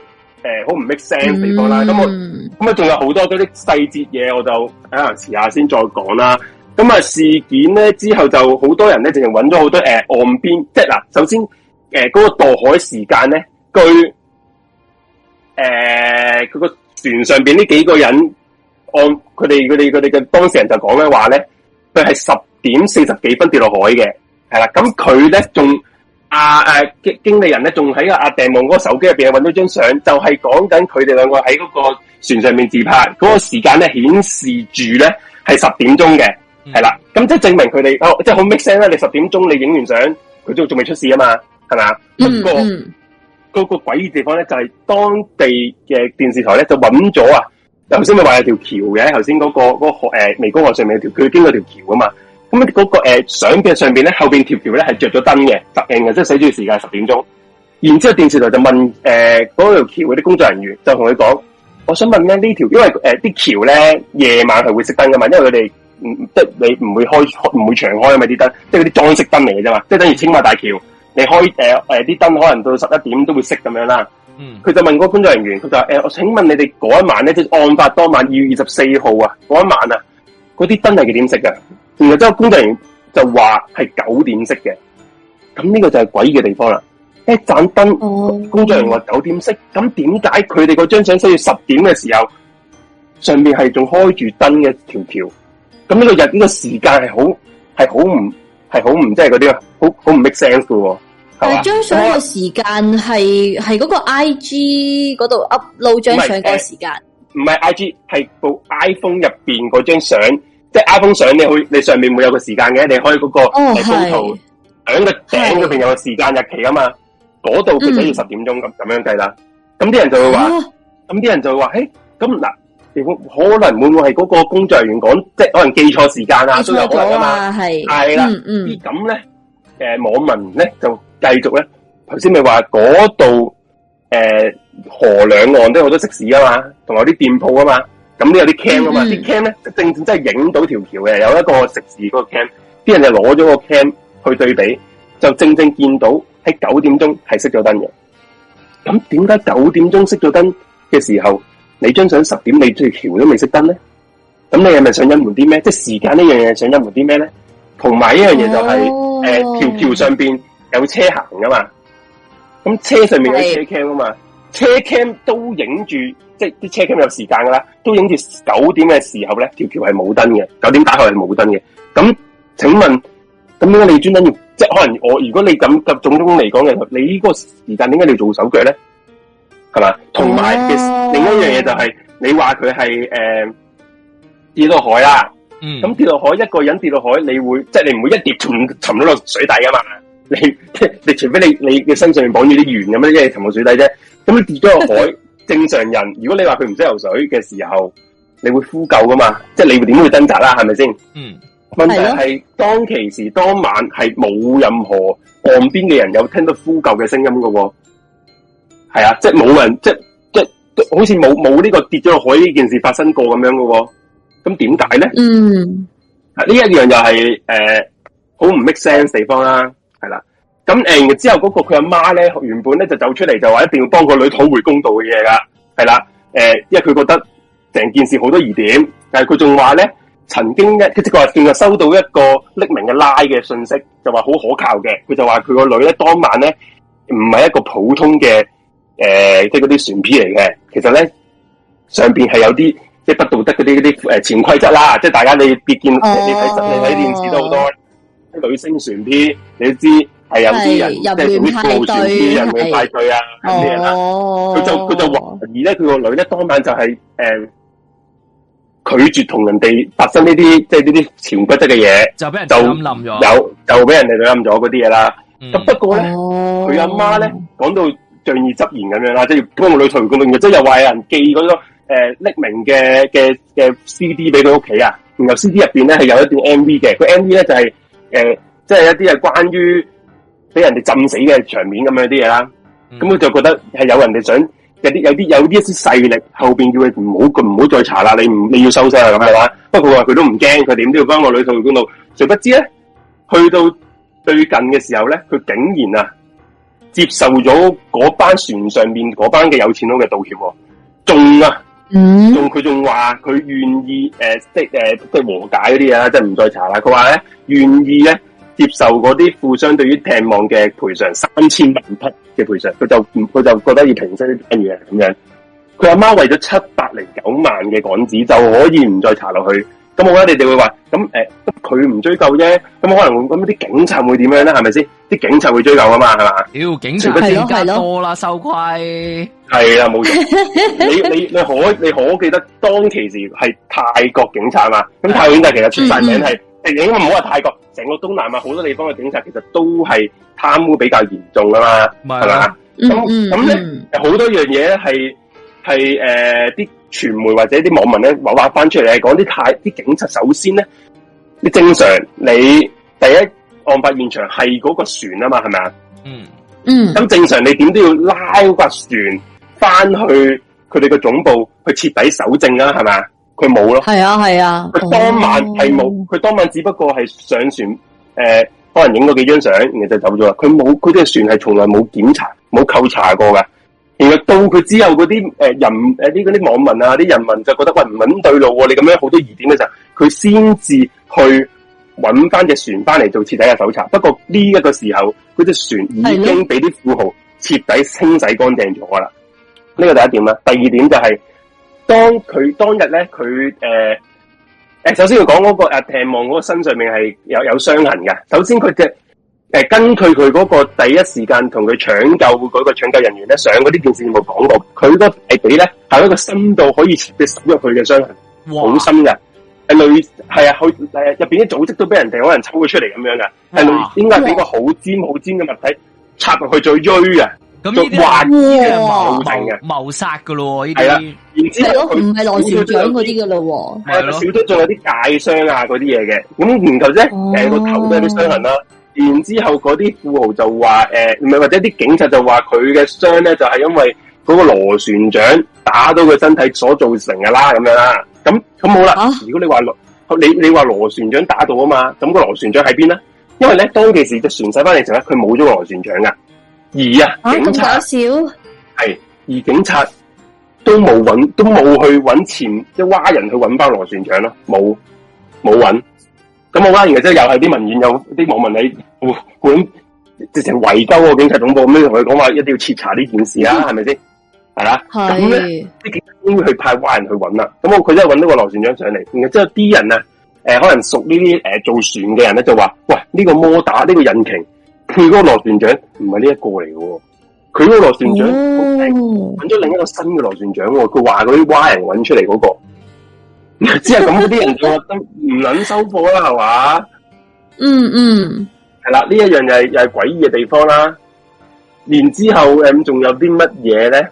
好唔 make sense 地方啦。咁、嗯、我咁啊，仲有好多嗰啲細節嘢，我就等、啊、下遲下先再講啦。咁啊，事件咧之後就很呢，就好多人咧，直情揾咗好多誒岸邊，即係嗱、呃，首先誒嗰、呃那個墮海時間咧，據誒佢個船上邊呢幾個人按，佢哋佢哋佢哋嘅當事人就講嘅話咧，佢係十點四十幾分跌落海嘅。係啦，咁佢咧仲啊誒經、啊、經理人咧仲喺阿阿鄭夢嗰個手機入邊揾到張相，就係講緊佢哋兩個喺嗰個船上面自拍，嗰、嗯、個時間咧顯示住咧係十點鐘嘅，係啦，咁即係證明佢哋，即係好 make sense 啦。你十點鐘你影完相，佢都仲未出事啊嘛，係咪？不過嗰個詭異、那個、地方咧就係、是、當地嘅電視台咧就揾咗啊，頭先咪話有條橋嘅，頭先嗰個嗰、那個誒湄公河上面有條，佢經過條橋啊嘛。咁啊，嗰、那個相嘅、呃、上面咧，後面條橋咧係着咗燈嘅，突應嘅，即係死咗時間十點鐘。然之後電視台就問誒嗰條橋嗰啲工作人員，就同佢講：我想問咧呢條，因為啲、呃那個、橋咧夜晚係會熄燈噶嘛，因為佢哋唔即係你唔會開，唔會長開啊嘛啲、那個、燈，即係嗰啲裝飾燈嚟嘅啫嘛，即係等於青馬大橋你開啲、呃那個、燈，可能到十一點都會熄咁樣啦。嗯，佢就問嗰個工作人員，佢就誒、呃、我請問你哋嗰一晚咧，即係案發當晚二月二十四號啊嗰一晚啊，嗰啲燈係幾點熄噶？然後真係工作人員就話係九點熄嘅，咁呢個就係鬼嘅地方啦！一盞燈，燈哦、工作人員話九點熄，咁點解佢哋嗰張相需要十點嘅時候，上面係仲開住燈嘅條橋？咁呢個日呢、這個時間係好係好唔係好唔即係嗰啲啊？好好唔 make sense 嘅。但係張相嘅時間係係嗰個 IG、呃、是 IG，是 I G 嗰度 upload 張相嘅時間，唔係 I G 係部 iPhone 入邊嗰張相。即係 iPhone 上你可你上面會有個時間嘅，你開嗰，那個地圖，響個頂嗰邊有個時間是日期啊嘛，嗰度佢寫要十點鐘咁，咁、嗯、樣計啦。咁啲人就會話，咁啲、哦、人就會話，誒，咁嗱，可能會唔會係嗰個工作人員講，即係可能記錯時間啊？啊都有可能㗎嘛。係係啦，咁咧，誒、呃，網民咧就繼續咧，頭先咪話嗰度誒河兩岸都有好多食肆啊嘛，同埋啲店鋪啊嘛。咁呢有啲 cam 啊嘛，啲 cam 咧正正真係影到條橋嘅，有一個食字嗰個 cam，啲人就攞咗個 cam 去對比，就正正見到喺九點鐘係熄咗燈嘅。咁點解九點鐘熄咗燈嘅時候，你張相十點你條橋都未熄燈咧？咁你係咪想隱瞞啲咩？即係時間呢樣嘢想隱瞞啲咩咧？同埋一樣嘢就係、是、誒，條橋、oh. 啊、上邊有車行噶嘛，咁車上面有車 cam 啊嘛，車 cam 都影住。即係啲車今有時間噶啦，都影住九點嘅時候咧，條橋係冇燈嘅，九點打開係冇燈嘅。咁請問，咁點解你專登要即係可能我如果你咁咁總總嚟講嘅，你呢個時間點解你要做手腳咧？係嘛？同埋嘅另外一樣嘢就係、是、你話佢係誒跌落海啦。嗯，咁跌落海一個人跌落海，你會即係你唔會一跌沉沉落水底噶嘛？你即係除非你你嘅身上面綁住啲圓咁樣，一係沉落水底啫。咁你跌咗落海。 正常人，如果你話佢唔識游水嘅時候，你會呼救噶嘛？即係你會點會掙扎啦、啊？係咪先？嗯，問題咧係當其時當晚係冇任何岸邊嘅人有聽到呼救嘅聲音噶喎，係啊，即係冇人，即係即係好似冇冇呢個跌咗落海呢件事發生過咁樣噶喎，咁點解咧？嗯，呢一樣又係誒，好唔 make sense 地方啦、啊。咁誒，然、嗯、之後嗰個佢阿媽咧，原本咧就走出嚟，就話一定要幫個女討回公道嘅嘢㗎。係啦，誒、呃，因為佢覺得成件事好多疑點，但係佢仲話咧，曾經咧即即係話，仲係收到一個匿名嘅拉嘅信息，就話好可靠嘅，佢就話佢個女咧當晚咧唔係一個普通嘅誒，即係嗰啲船票嚟嘅，其實咧上面係有啲即係不道德嗰啲嗰啲誒潛規則啦，即、就、係、是、大家你別見你睇你睇電視都好多啲女星船票，你都知。是有是係是有啲人即係啲暴傳啲人會派對啊，咁樣啦。佢就佢就懷疑咧，佢個女咧當晚就係、是、誒、呃、拒絕同人哋發生呢啲即係呢啲潛規則嘅嘢，就俾人就冧咗，有就俾人哋佢冧咗嗰啲嘢啦。咁不過咧，佢阿、哦、媽咧講到仗義執言咁樣啦，即係幫個女逃過命嘅，即係又話有人寄嗰、那個誒、呃、匿名嘅嘅嘅 C D 俾佢屋企啊。然後 C D 入邊咧係有一段 M V 嘅，個 M V 咧就係誒即係一啲係關於。俾人哋浸死嘅場面咁樣啲嘢啦，咁佢就覺得係有人哋想有啲有啲有啲一啲勢力後邊叫佢唔好唔好再查啦，你唔你要收聲啦咁係嘛？的不過佢話佢都唔驚，佢點都要幫個女討公道。誰不知咧，去到最近嘅時候咧，佢竟然啊接受咗嗰班船上面嗰班嘅有錢佬嘅道歉，仲啊，嗯，仲佢仲話佢願意誒，即係誒，即係和解嗰啲嘢啦，即係唔再查啦。佢話咧願意咧。接受嗰啲富商對於掟網嘅賠償三千萬匹嘅賠償，佢就佢就覺得要平息呢單嘢咁樣。佢阿媽為咗七百零九萬嘅港紙就可以唔再查落去，咁我覺得你哋會話咁誒，佢唔追究啫，咁可能咁啲警察會點樣咧？係咪先？啲警察會追究啊嘛，係嘛？屌警察，佢錢多啦，受愧。」係啦，冇用。 你你你可你可記得當其時係泰國警察嘛？咁泰警察其實出晒名係。 誒，因為唔好話泰國，成個東南亞好多地方嘅警察其實都係貪污比較嚴重啊嘛，係嘛、啊？咁咁咧，好、嗯嗯嗯、多樣嘢咧，係係誒，啲、呃、傳媒或者啲網民咧畫畫翻出嚟，講啲泰啲警察，首先咧，你正常，你第一案發現場係嗰個船啊嘛，係咪啊？嗯嗯，咁正常你點都要拉嗰個船翻去佢哋嘅總部去徹底搜證啦，係嘛？佢冇咯，係啊係啊，佢、啊、當晚係冇，佢、哦、當晚只不過係上船，誒、呃，幫人影咗幾張相，然後就走咗啦。佢冇，佢隻船係從來冇檢查、冇扣查過㗎。然後到佢之後，嗰啲誒人誒啲嗰啲網民啊，啲人民就覺得喂，唔揾對路喎、啊，你咁樣好多疑點嘅時候，佢先至去揾翻隻船翻嚟做徹底嘅搜查。不過呢一個時候，佢隻船已經俾啲富豪徹底清洗乾淨咗啦。呢個的第一點啦，第二點就係、是。當佢當日咧，佢誒誒，首先要講嗰個誒，病亡、啊、嗰個身上面係有有傷痕嘅。首先佢嘅誒，根據佢嗰個第一時間同佢搶救嗰、嗰個搶救人員咧，上嗰啲電視節目講過，佢個大髀咧係一個深度可以直接深入去嘅傷痕，好哇深嘅，係類係啊，佢誒入邊啲組織都俾人哋可能抽咗出嚟咁樣噶，係類哇應該係俾個好尖好尖嘅物體插落去最錐啊。咁呢啲係謀謀殺噶咯，係啦、哦，唔係螺旋槳嗰啲喇咯，係啦，少得仲有啲界傷啊，嗰啲嘢嘅，咁然後啫誒個頭都有啲傷痕啦，然之後嗰啲富豪就話，誒唔係或者啲警察就話佢嘅傷咧就係、是、因為嗰個螺旋槳打到佢身體所造成噶啦，咁樣啦，咁咁好啦，啊、如果你話羅你你話螺旋槳打到啊嘛，咁個螺旋槳喺邊咧？因為咧當其時隻船駛翻嚟時咧，佢冇咗個螺旋槳噶。而，啊，而啊，警察係而警察都冇揾，都冇去揾前，即係蛙人去揾包羅船長咯，冇冇揾。咁我挖人之後又係啲文員，有啲網民喺管，直情惠州個警察總部咁樣同佢講話，一定要徹查呢件事啊，係咪先？係啦，咁咧，啲警察應該去派蛙人去揾啦。咁我佢真係揾到個羅船長上嚟，然後之後啲人啊，誒、呃，可能熟呢啲誒做船嘅人咧，就、呃、話，喂、這個，呢個摩打呢個引擎。佢嗰個螺旋長唔係呢一個嚟嘅，佢嗰個螺旋長揾咗另一個新嘅螺旋長喎，佢話嗰啲蛙人揾出嚟嗰、嗰個，只係咁嗰啲人覺得唔撚收貨啦，係嘛，嗯？嗯嗯，係啦，呢一樣又係又係詭異嘅地方啦。然之後誒，仲有啲乜嘢咧？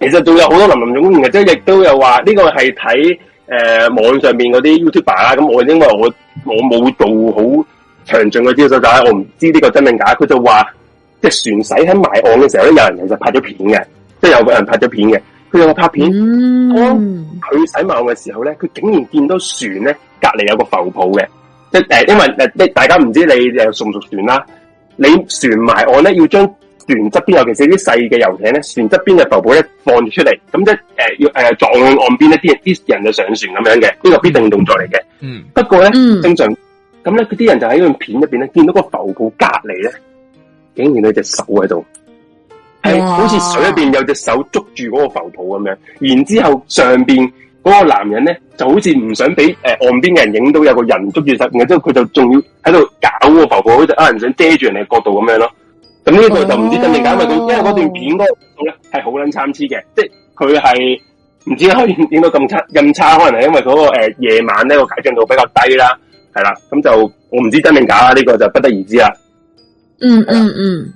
其實仲有好多林林總總嘅，即係亦都有話呢、呢個係睇誒網上面嗰啲 YouTuber 啦。咁我因為我我冇做好。詳盡嘅資料就係我唔知呢個真定假，佢就話即係船駛喺埋岸嘅時候咧，有人其實拍咗片嘅，即係有個人拍咗片嘅。佢有拍片，佢駛、嗯哦、埋岸嘅時候咧，佢竟然見到船咧隔籬有個浮泡嘅，即誒、呃，因為誒、呃，大家唔知你誒、呃、熟唔熟船啦。你船埋岸咧，要將船側邊，尤其是啲細嘅遊艇咧，船側邊嘅浮泡咧放住出嚟。咁即係誒，要、呃、誒、呃、撞岸邊一啲啲人就上船咁樣嘅，呢個必定動作嚟嘅。嗯，不過咧，嗯、正常。咁咧，佢啲人就喺呢段片入邊咧，見到個浮泡隔籬咧，竟然有隻手喺度，係好似水入邊有隻手捉住嗰個浮泡咁樣。然之後上邊嗰個男人咧，就好似唔想俾誒岸邊嘅人影到有個人捉住手，然之後佢就仲要喺度搞個浮泡，好似有人想遮住人哋角度咁樣咯。咁呢個就唔知真定假，因為因為嗰段片嗰度咧係好撚參差嘅，即係佢係唔知點解可以影到咁差咁差，可能係因為嗰個誒夜晚呢個解像度比較低啦。係啦，咁就我唔知真定假啦，呢、這個就不得而知啦、嗯。嗯嗯嗯，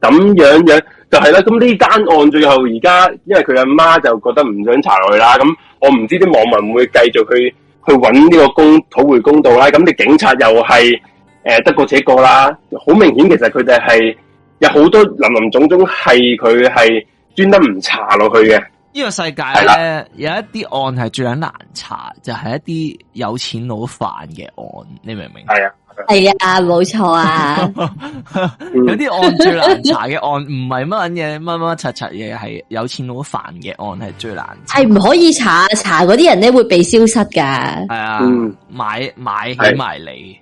咁樣樣就係、是、啦。咁呢單案最後而家，因為佢阿媽就覺得唔想查落去啦。咁我唔知啲網民會繼續去去搵呢個公討回公道啦。咁啲警察又係誒、呃、得過且過啦。好明顯，其實佢哋係有好多林林總總係佢係專登唔查落去嘅。呢個世界咧，的有一啲案係最難查，就係、是、一啲有錢佬犯嘅案，你明唔明？係啊，係啊，冇錯啊， 嗯、有啲案最難查嘅案，唔係乜嘢乜乜柒柒嘢，係有錢佬犯嘅案係最難查，係唔可以查，查嗰啲人咧會被消失噶，係啊的、嗯，買買起埋你，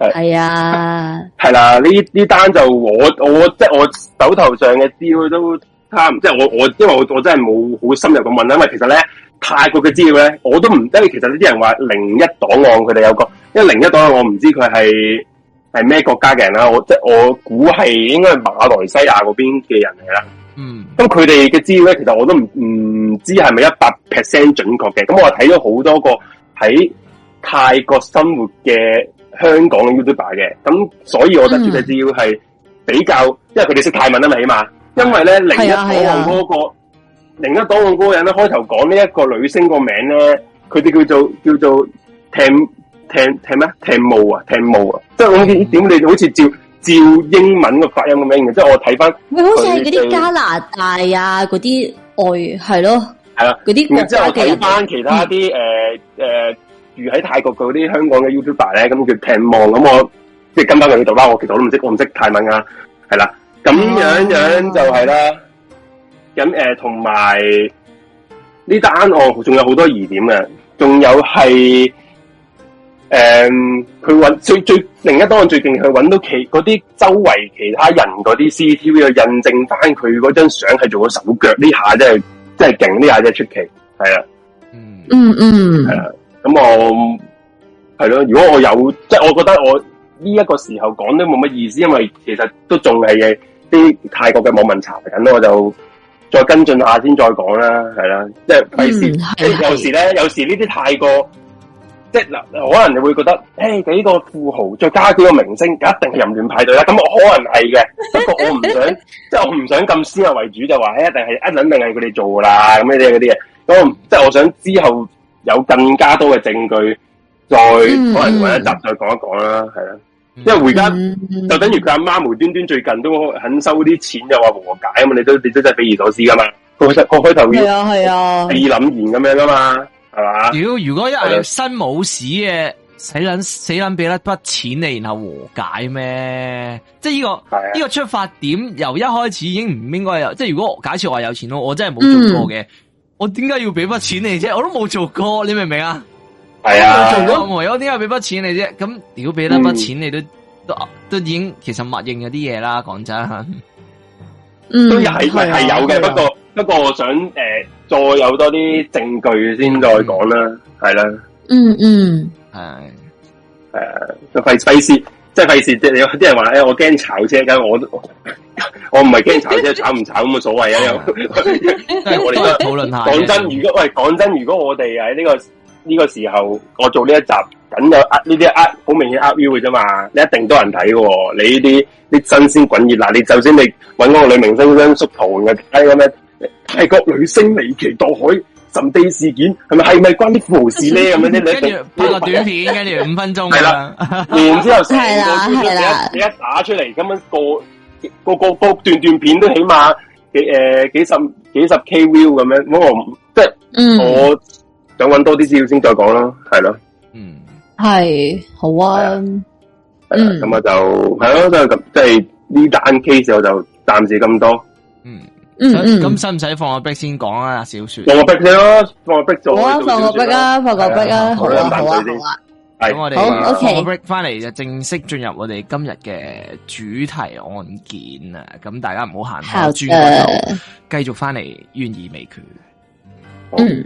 係啊的，係啦的，呢呢單就我我即係我,我手頭上嘅資料都。即係我我，因為我我真係冇好深入咁問啦，因為其實咧泰國嘅資料咧，我都唔，因為其實啲人話零一檔案佢哋有個，因為零一檔案我唔知佢係係咩國家嘅人啦，我即係我估係應該係馬來西亞嗰邊嘅人嚟啦。嗯，咁佢哋嘅資料咧，其實我都唔唔知係咪一百 percent 準確嘅，咁我睇咗好多個喺泰國生活嘅香港嘅 YouTube 嘅，咁所以我覺得資料係比較，因為佢哋識泰文啊嘛，起碼。因為咧，另一檔唱歌個，另一檔唱個人咧，開頭講呢一個女星個名咧，佢哋叫做叫做聽聽聽 Tem Tem 咩 Tem 啊 Tem Mo 啊、嗯，即係好點你好似照照英文個發音個名嘅，即係我睇翻，喂好似係嗰啲加拿大啊，嗰啲外係咯，係啦、啊，嗰啲。即係我睇翻其他啲誒誒住喺泰國嗰啲香港嘅 YouTuber 咧，咁叫聽望，咁我即係今日呢度啦，我其實我都唔識，我唔識，識泰文噶、啊，係啦、啊。咁樣樣就係啦，咁誒、oh, yeah. 嗯，同埋呢單案仲、哦、有好多疑點嘅，仲有係誒，佢、嗯、揾最最另一單案，最近佢揾到其嗰啲周圍其他人嗰啲 CCTV 去印證，翻佢嗰張相係做咗手腳，呢下真係真係勁，呢下真係出奇，係啦，嗯嗯嗯，係、hmm. 咁我係咯，如果我有，即、就、係、是、我覺得我呢一個時候講都冇乜意思，因為其實都仲係。啲泰國嘅網民查緊，我就再跟進一下先，再講啦，係啦，即係費事。有時咧，嗯欸、有時呢啲泰國，即係嗱，可能你會覺得，誒、欸，幾、幾個富豪再加幾個明星，一定係淫亂派對啦。咁我可能係嘅，不過 我唔想，即係我唔想咁先入為主，就話、欸、一定係一等定係佢哋做噶啦，咁樣嘅啲嘢。咁即係我想之後有更加多嘅證據，再、嗯、可能為一集再講一講啦，係啦。因為回家就等於佢阿媽無端端最近都肯收啲錢又話和解啊嘛你，你都你都真係匪夷所思噶嘛,、啊啊、嘛，學學開頭要係啊係啊意諗然咁樣啊嘛，係嘛？如果如果一係新冇事嘅死捻死捻俾一筆錢你，然後和解咩？即係、這、呢個呢是、啊、個出發點由一開始已經唔應該有，即係如果假設我有錢咯，我真係冇做過嘅，嗯、我點解要俾筆錢你啫？我都冇做過，你明唔明啊？係啊，唯有啲係俾筆錢你啫，咁屌俾得筆錢你都都已經其實默認有啲嘢啦，講真，嗯，都係係有嘅，不過不過我想誒再有多啲證據先再講啦，係啦，嗯嗯，係，係啊，費費事，即係費事，你有啲人話誒，我驚炒車，咁我我唔係驚炒車，炒唔炒咁嘅所謂啊，又，即係我哋都討論下，講真，如果喂，講真，如果我哋喺呢個。呢個時候我做呢一集，等有呃呢啲呃好明顯呃 view 嘅啫嘛，你一定多人睇嘅。你呢啲啲新鮮滾熱辣，你就算你搵嗰個女明星縮圖嘅，睇個咩泰國女星離奇墮海神秘事件，係咪係咪關啲服事咧咁樣呢，你拍個短片，跟住五分鐘係啦，然之後成個短片一、啊啊、一,一打出嚟，咁、那、樣個個個個，個段段片都起碼幾誒、呃、幾十幾十 K view 咁樣。即係我。想揾多啲資料先再講囉，係咯，嗯，係好啊，咁啊就係咯，係咁，即係呢單 case 我就暫時咁多，嗯嗯，咁使唔使放個 break 先講啊？小說，放個 break 先咯，放個 break 做，好啊，放個 break 啊，放個 break 啊，好啊好啊好啊，咁我哋放個 break 翻嚟就正式進入我哋今日嘅主題案件啊，咁大家唔好行開，轉頭繼續翻嚟，願意未決，嗯。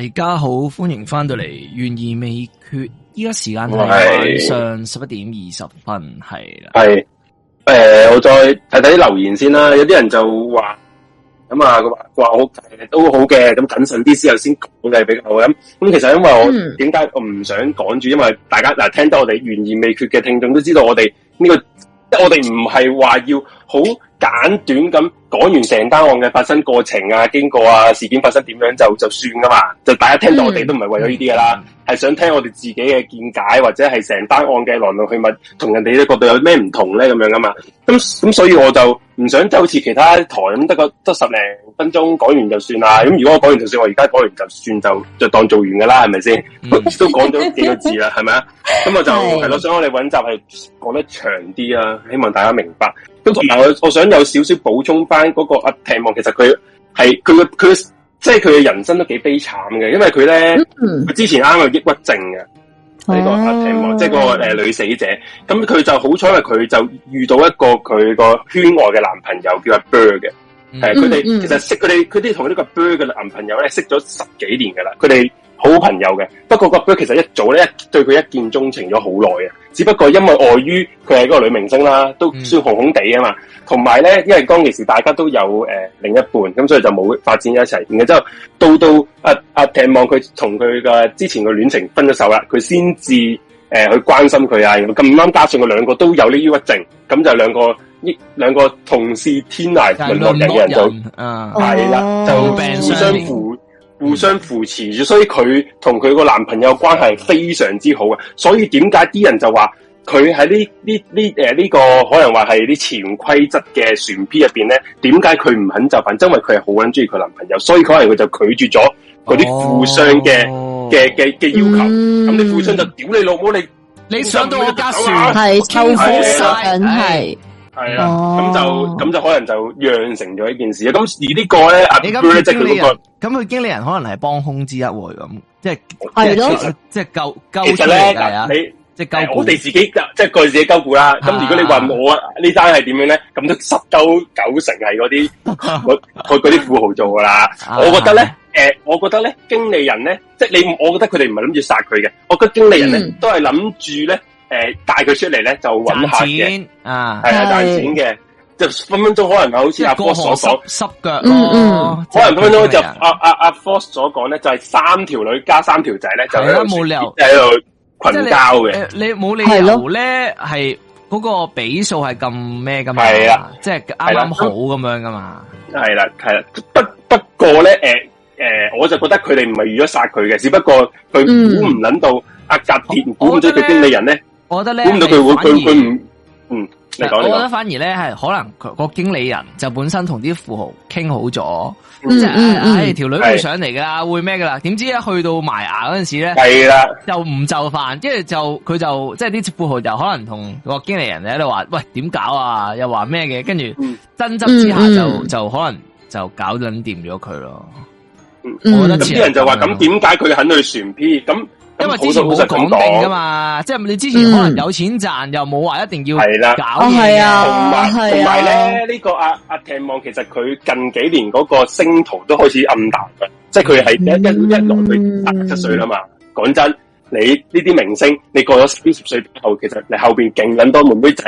大家好，歡迎翻到嚟，懸而未決。依家時間係晚上十一點二十分，係啦。係，誒、呃，我再睇睇啲留言先啦。有啲人就話，咁啊，佢話話都好嘅，咁謹慎啲之後先講係比較好。咁咁，其實因為我點解、嗯、我唔想趕住？因為大家嗱，聽到我哋懸而未決嘅聽眾都知道我，我哋呢個，我哋唔係話要好。簡短咁講完成單案嘅發生過程啊、經過啊、事件發生點樣就就算噶嘛，就大家聽到我哋都唔係為咗呢啲噶啦，係、嗯嗯、想聽我哋自己嘅見解或者係成單案嘅來龍去脈，同人哋嘅角度有咩唔同咧咁樣噶嘛，咁咁所以我就唔想就好似其他台咁得個得十零分鐘講完就算啦，咁如果我講完就算，我而家講完就算就就當做完噶啦，係咪先？嗯、都講咗幾個字啦，係咪啊？咁我就係咯，想、嗯、我哋搵集係講得長啲啊，希望大家明白。咁同埋我我，我想。有少少補充翻嗰個阿 Tam 其實佢係佢嘅佢即係佢嘅人生都幾悲慘嘅，因為佢咧佢之前啱啱有抑鬱症嘅呢、啊、個阿 Tam 即係個誒女死者。咁佢就好彩，佢就遇到一個佢個圈外嘅男朋友叫阿 Bird 嘅，係佢哋其實識佢哋佢啲同呢個 Bird 嘅男朋友咧識咗十幾年噶啦，佢哋。好朋友嘅，不過個表其實一早咧對佢一見鍾情咗好耐啊，只不過因為礙於佢係嗰個女明星啦，都算紅紅地啊嘛，同埋咧因為當其時大家都有誒、呃、另一半，咁所以就冇發展一齊。然之後到到阿阿望佢同佢嘅之前嘅戀情分咗手啦，佢先至誒去關心佢啊。咁啱加上佢兩個都有啲抑鬱症，咁就兩個呢兩個同是天涯淪落人嘅人就係啦，呀啊、就互相扶。互相扶持，所以佢同佢個男朋友關係非常之好嘅。所以點解啲人就話佢喺呢呢呢誒呢個可能話係啲潛規則嘅船 P 入邊咧，點解佢唔肯就範？因為佢係好捻中意佢男朋友，所以可能佢就拒絕咗佢啲互相嘅嘅嘅嘅要求。咁、嗯、你父相就屌你老母你你上到我家船係臭腐晒，係。是係咁就咁就可能就釀成咗呢件事。咁而個呢個咧，阿經理人，咁佢、就是、經，經理人可能係幫凶之一咁、啊，即係係咯，即係勾勾。其實咧，你即係、呃、我哋自己即係蓋自己勾股啦。咁、啊、如果你問我啊，呢單係點樣咧？咁都十九九成係嗰啲啲富豪做噶啦、啊我呃。我覺得咧，誒，我覺得咧，經理人咧，即、就、係、是、你，我覺得佢哋唔係諗住殺佢嘅。我覺得經理人咧、嗯、都係諗住咧。誒，帶佢出嚟咧，就揾客嘅，啊，係啊，賺錢嘅，就分分鐘可能啊，好似阿 Force 所講，濕腳，嗯嗯，可能分分鐘就阿阿阿 Force 所講咧，就係三條女加三條仔咧，就喺度就喺度群交嘅，你冇理由咧，係嗰個比數係咁咩噶嘛？係啊，即係啱啱好咁樣噶嘛，係啦係啦，不不過咧，誒誒，我就覺得佢哋唔係預咗殺佢嘅，只不過佢估唔諗到阿格電估唔到佢經理人咧。我覺得咧，我覺得反而咧係可能個經理人就本身同啲富豪傾好咗，即係唉條女會上嚟噶啦，會咩噶啦？點知一去到埋牙嗰陣時咧，係啦，就唔就範，即係就佢就即係啲富豪就可能同個經理人咧，都話喂點搞啊？又話咩嘅？跟住爭執之下就就可能就搞撚掂咗佢咯。得咁啲人就話咁點解佢肯去船 P 咁？因為之前冇講定㗎嘛，嗯、即係你之前可能有錢賺又冇話一定要搞嘢、嗯、有啊，同埋咧呢、這個阿阿謝望其實佢近幾年嗰個星途都開始暗淡㗎。即係佢係一一一來八七歲啦嘛，講、嗯、真，你呢啲明星你過咗八十歲之後，其實你後邊勁撚多妹妹仔。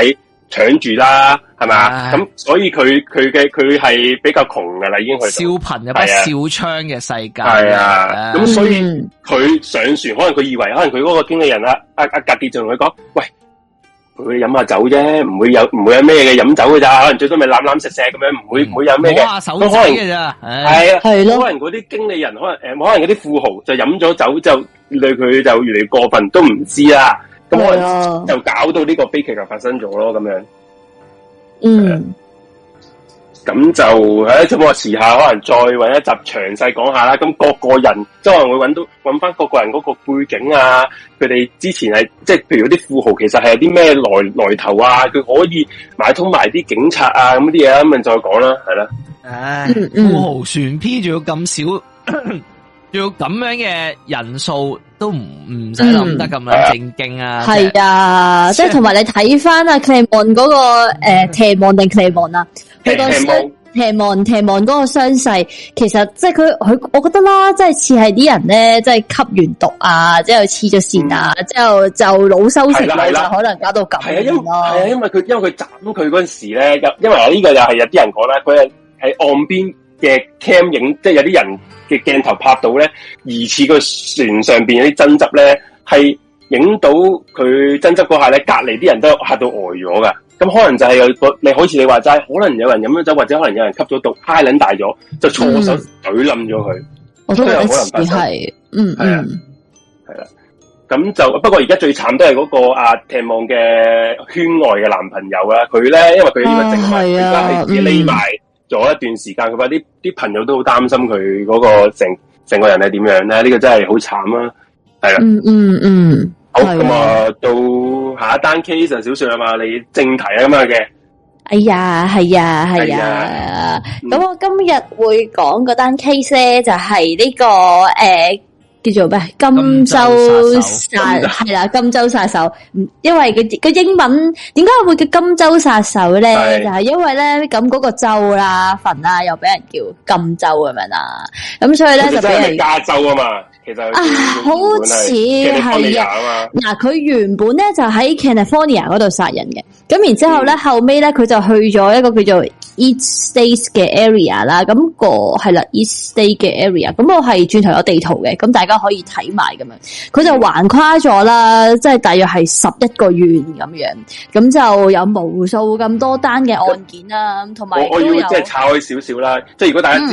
搶住啦，係咪啊？咁唉所以佢佢嘅佢係比較窮噶啦，已經去到，笑貧，嘅，係笑娼嘅世界。係啊，咁、啊嗯、所以佢上船，可能佢以為，可能佢嗰個經理人啊，阿、啊、阿格杰就同佢講，喂，佢飲下酒啫，唔會有唔會有咩嘅飲酒嘅咋？可能最多咪攬攬食食咁樣，唔會唔、嗯、會有咩嘅。都可能嘅咋？係唉啊，係咯、啊。可能嗰啲經理人，可能誒，可能嗰啲富豪就飲咗酒，就對佢就越嚟越過分，都唔知啦。咁就搞到呢個悲劇就發生咗咯，咁樣。嗯，咁就誒，咁、欸、我時下可能再搵一集詳細講下啦。咁各個人，即係可能會搵到搵翻各個人嗰個背景啊，佢哋之前係即係，譬如嗰啲富豪其實係有啲咩來來頭啊，佢可以買通埋啲警察啊，咁啲嘢咁啊，咪再講啦，係啦。唉、哎，富豪船 P 仲要咁少。 要咁樣嘅人數都唔唔使諗得咁樣，正經啊，係、嗯、是啊，即係同埋你睇翻啊，佢係望嗰個誒，斜望定斜望啊，佢個斜望斜望嗰個傷勢，其實即係佢佢，我覺得啦，即係似係啲人咧，即係吸完毒啊，之後黐咗線啊，之後,線、啊嗯、之後就腦收成、啊啊、就可能搞到咁樣咯。係因為佢因為佢斬佢嗰陣時咧，因為呢、啊、個又、就、係、是、有啲人講啦，佢係喺岸邊。嘅 cam 影即係有啲人嘅鏡頭拍到咧，疑似個船上邊有啲爭執咧，係影到佢爭執嗰下咧，隔籬啲人都嚇到呆咗噶。咁可能就係有個你好似你話齋，可能有人飲咗酒，或者可能有人吸咗毒，high 大咗就錯手懟冧咗佢，都有、嗯、可能發生。嗯，係啊，係啦。咁就不過而家最慘都係嗰個阿霆望嘅圈外嘅男朋友呢啊。佢咧因為佢要個證物，而家係要匿埋。嗯做咗一段時間，佢話啲啲朋友都好擔心佢嗰、那個成成個人係點樣咧？呢、這個真係好慘啊！係啦、嗯，嗯嗯嗯，好咁啊，那到下一單 case 就小說啊嘛，你正題啊嘛嘅。樣哎呀，係、哎、呀，係呀、嗯，咁我今日會講嗰單 case 咧，就係、是、呢、這個誒。呃叫做咩？金州殺手，係啦，金州殺手。因為佢佢英文點解會叫金州殺手咧？是的 就係因為咧咁嗰個州啦、份啦，又俾人叫金州咁樣啦。咁所以咧就俾人叫加州啊嘛。其實他是啊，好似係啊，嗱的，佢的原本咧就喺 California 嗰度殺人嘅，咁然後之後咧、嗯、後尾咧佢就去咗一個叫做、East States 嘅 area, 那個、的 East States 嘅 area 啦，咁個係啦 East State 嘅 area，咁我係轉頭有地圖嘅，咁大家可以睇埋咁樣，佢就橫跨咗啦，即係大約係十一個縣咁樣，咁就有無數咁多單嘅案件啦、啊，同埋我還有有我即係拆開少少啦，即係如果大家話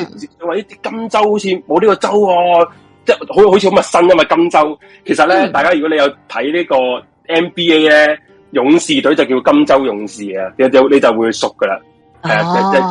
咦，嗯、金州好似冇呢個州喎、啊。即好好似好陌生啊嘛，金州其實咧，嗯、大家如果你有睇呢個 NBA 咧，勇士隊就叫金州勇士啊，你就你就會熟噶啦。係啊，就係、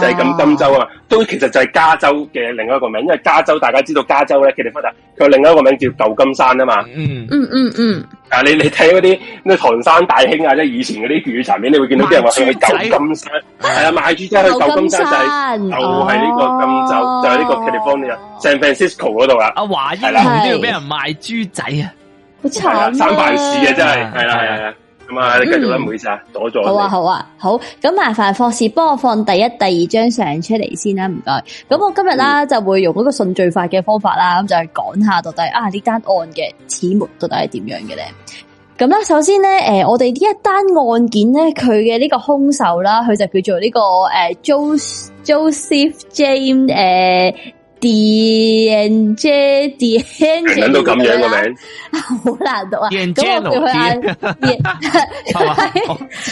就係、是、咁金州啊嘛，都其實就係加州嘅另外一個名，因為加州大家知道加州咧，佢哋發達，佢另外一個名叫舊金山啊嘛。嗯嗯嗯嗯。嗱、嗯嗯嗯，你你睇嗰啲咩唐山大興啊，即係以前嗰啲粵語殘片，你會見到啲人話去舊金山，係啊，賣豬仔去舊金山就係、是、就喺呢、是、個金州，哦、就喺呢個 California San Francisco 嗰度啊。阿華英喺度俾人賣豬仔啊，好慘啊！三事真係，係啦，係啊。咁啊，你繼續啦，唔好意思啊，躲咗。好啊，好啊，好。咁麻煩霍士幫我放第一、第二張相出嚟先啦，唔該。咁我今日啦、嗯、就會用一個順序法嘅方法啦，咁就係、是、講下到底啊呢單案嘅始末到底係點樣嘅咧。咁啦，首先咧，誒、呃，我哋呢一單案件咧，佢嘅呢個兇手啦，佢就叫做呢、這個誒 Joseph、呃、Joseph James 誒、呃。D'Angelo，諗到咁樣個名，好難讀啊！D'Angelo，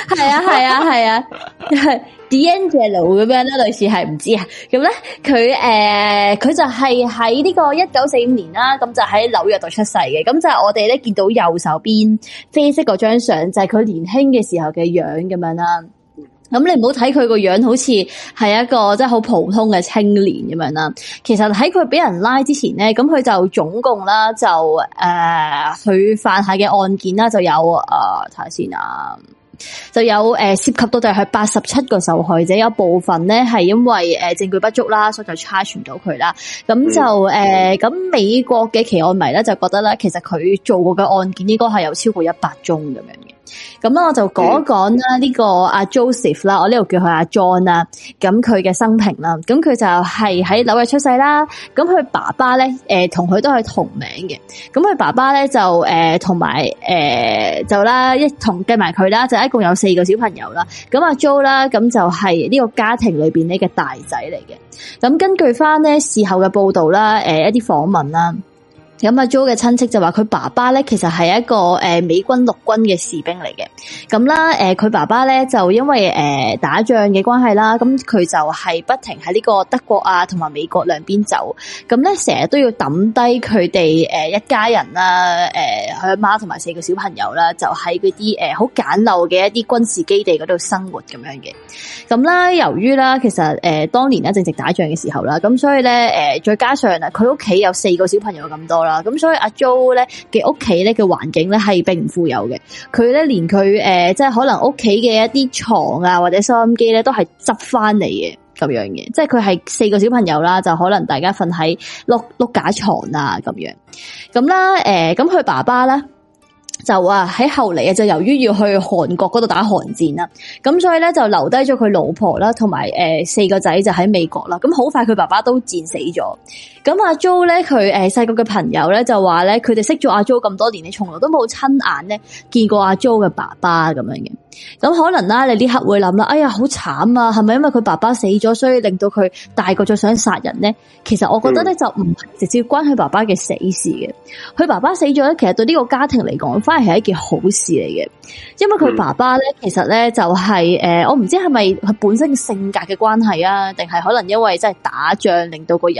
係啊係啊係啊，係 D'Angelo 咁樣咧，類似係唔知啊。咁咧佢誒，佢就係喺呢個一九四五年啦，咁就喺紐約度出世嘅。咁就係我哋咧見到右手邊啡色嗰張相，就係佢年輕嘅時候嘅樣咁樣啦。咁你唔好睇佢個樣，好似係一個即係好普通嘅青年咁樣啦。其實喺佢俾人拉之前咧，咁佢就總共啦就誒，佢、呃、犯下嘅案件啦就有誒，睇下先啊，就有誒、呃、涉及到就係八十七個受害者，有部分咧係因為誒證據不足啦，所以就差傳到佢啦。咁就誒，咁、嗯嗯呃、美國嘅奇案迷咧就覺得咧，其實佢做過嘅案件應該係有超過一百宗咁樣嘅。咁我就講一講啦，呢個阿 Joseph 啦，我呢度叫佢阿 John 啦。咁佢嘅生平啦，咁佢就係喺紐約出世啦。咁佢爸爸咧，誒，同佢都係同名嘅。咁佢爸爸咧就誒，同埋誒，就啦、呃呃、一同計埋佢啦，就一共有四個小朋友啦。咁阿 Joe 啦，咁就係呢個家庭裏邊呢個大仔嚟嘅。咁根據翻呢事後嘅報道啦，誒、呃，一啲訪問啦。咁阿 Jo 嘅親戚就話佢爸爸咧，其實係一個誒、呃、美軍陸軍嘅士兵嚟嘅。咁啦，誒、呃、佢爸爸咧就因為誒、呃、打仗嘅關係啦，咁佢就係不停喺呢個德國啊同埋美國兩邊走。咁咧成日都要抌低佢哋誒一家人啦，誒佢阿媽同埋四個小朋友啦，就喺嗰啲誒好簡陋嘅一啲軍事基地嗰度生活咁樣嘅。咁啦，由於啦，其實誒、呃、當年咧正值打仗嘅時候啦，咁所以咧誒、呃、再加上啊，佢屋企有四個小朋友咁多。咁所以阿 Jo 咧，嘅屋企咧，嘅環境咧，係並唔富有嘅，佢咧連佢誒、呃、即係可能屋企嘅一啲床啊或者收音機咧，都係執翻嚟嘅咁樣嘅，即係佢係四個小朋友啦，就可能大家瞓喺碌碌架床啊咁樣，咁啦，誒，咁、呃、佢爸爸咧。就啊，喺後嚟啊，就由於要去韓國嗰度打韓戰啦，咁所以咧就留低咗佢老婆啦，同埋誒四個仔就喺美國啦，咁好快佢爸爸都戰死咗，咁阿 Jo 咧佢誒細個嘅朋友咧就話咧，佢哋識咗阿 Jo 咁多年，你從來都冇親眼咧見過阿 Jo 嘅爸爸咁樣嘅。咁可能啦、啊，你呢刻會諗啦，哎呀，好慘啊，係咪因為佢爸爸死咗，所以令到佢大個咗想殺人呢？其實我覺得咧、嗯、就唔係直接關佢爸爸嘅死事嘅，佢爸爸死咗咧，其實對呢個家庭嚟講，反而係一件好事嚟嘅，因為佢爸爸咧，嗯、其實咧就係、是、誒、呃，我唔知係咪佢本身性格嘅關係啊，定係可能因為真係打仗令到個人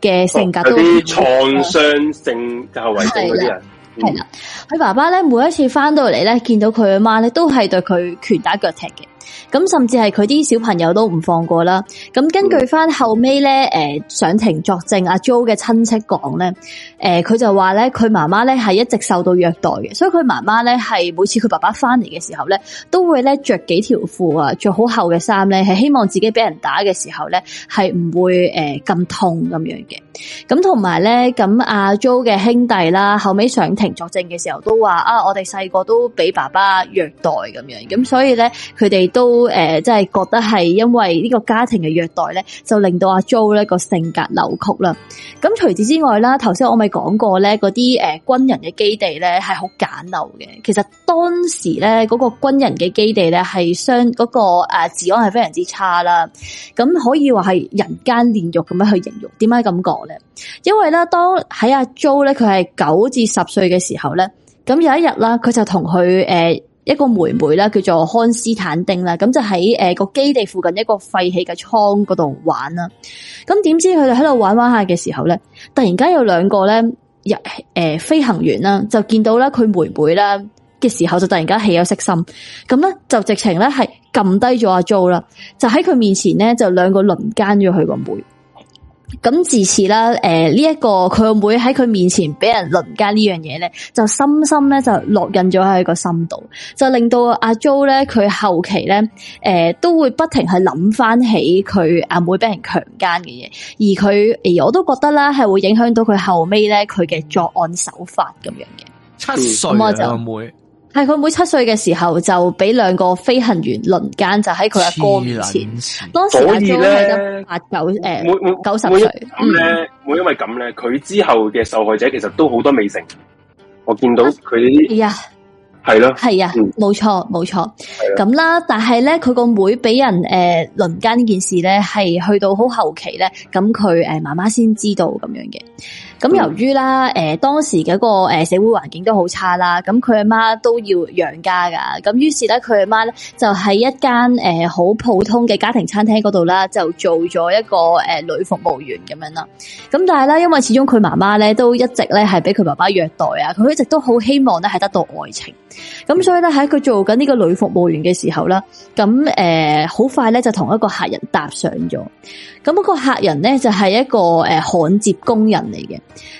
嘅性格、哦、有啲創傷性，較為嗰啲人。嗯係啦，佢爸爸咧每一次返到嚟咧，見到佢阿媽咧，都係對佢拳打腳踢嘅。咁甚至係佢啲小朋友都唔放過啦。咁根據翻後尾咧，誒、呃、上庭作證，阿 Jo 嘅親戚講咧，誒、呃、佢就話咧佢媽媽咧係一直受到虐待嘅，所以佢媽媽咧係每次佢爸爸翻嚟嘅時候咧，都會咧着幾條褲啊，着好厚嘅衫咧，係希望自己俾人打嘅時候咧係唔會誒咁、呃、痛咁樣嘅。咁同埋咧，咁阿 Jo 嘅兄弟啦，後尾上庭作證嘅時候都話啊，我哋細個都俾爸爸虐待咁樣，咁所以咧佢哋。都誒，即、呃、係覺得係因為呢個家庭嘅虐待咧，就令到阿 Jo 咧，個性格扭曲啦。咁除此之外啦，頭先我咪講過咧，嗰啲誒軍人嘅基地咧係好簡陋嘅。其實當時咧嗰，個軍人嘅基地咧係相嗰個誒、呃、治安係非常之差啦。咁可以話係人間煉獄咁樣去形容。點解咁講咧？因為咧當喺阿 Jo 咧佢係九至十歲嘅時候咧，咁有一日啦，佢就同佢誒。呃一個妹妹啦，叫做康斯坦丁啦，咁就喺誒個基地附近一個廢棄嘅倉嗰度玩啦。咁點知佢哋喺度玩玩下嘅時候咧，突然間有兩個咧入誒飛行員啦，就見到咧佢妹妹啦嘅時候，就突然間起咗色心，咁咧就直情咧係撳低咗阿 Jo 啦，就喺佢面前咧就兩個輪奸咗佢個妹。咁自此啦，誒呢一個佢阿妹喺佢面前俾人輪姦呢樣嘢，咧，就深深咧就烙印咗喺個心度，就令到阿 Jo 咧佢後期咧，誒、呃、都會不停去諗翻起佢阿妹俾人強姦嘅嘢，而佢我都覺得啦，係會影響到佢後尾咧佢嘅作案手法咁樣嘅。七歲阿、啊、妹。係佢妹七歲嘅時候就俾兩個飛行員輪奸，就喺佢阿哥面前。當時阿鐘係得八九誒，九十歲咁咧，會因為咁咧，佢、嗯、之後嘅受害者其實都好多未成。我見到佢，啲，係咯，係啊，冇錯冇錯。咁啦，但係咧，佢個妹俾人誒輪奸呢件事咧，係去到好後期咧，咁佢誒媽媽先知道咁樣嘅。咁由於啦，當時嗰個社會環境都好差啦，咁佢阿媽都要養家噶，咁於是咧佢阿媽咧就喺一間好普通嘅家庭餐廳嗰度啦，就做咗一個女服務員咁樣啦。咁但係咧，因為始終佢媽媽咧都一直咧係俾佢爸爸虐待啊，佢一直都好希望咧係得到愛情。咁所以咧喺佢做緊呢個女服務員嘅時候咧，咁好快咧就同一個客人搭上咗。咁、那、嗰個客人咧就係一個誒焊接工人嚟嘅。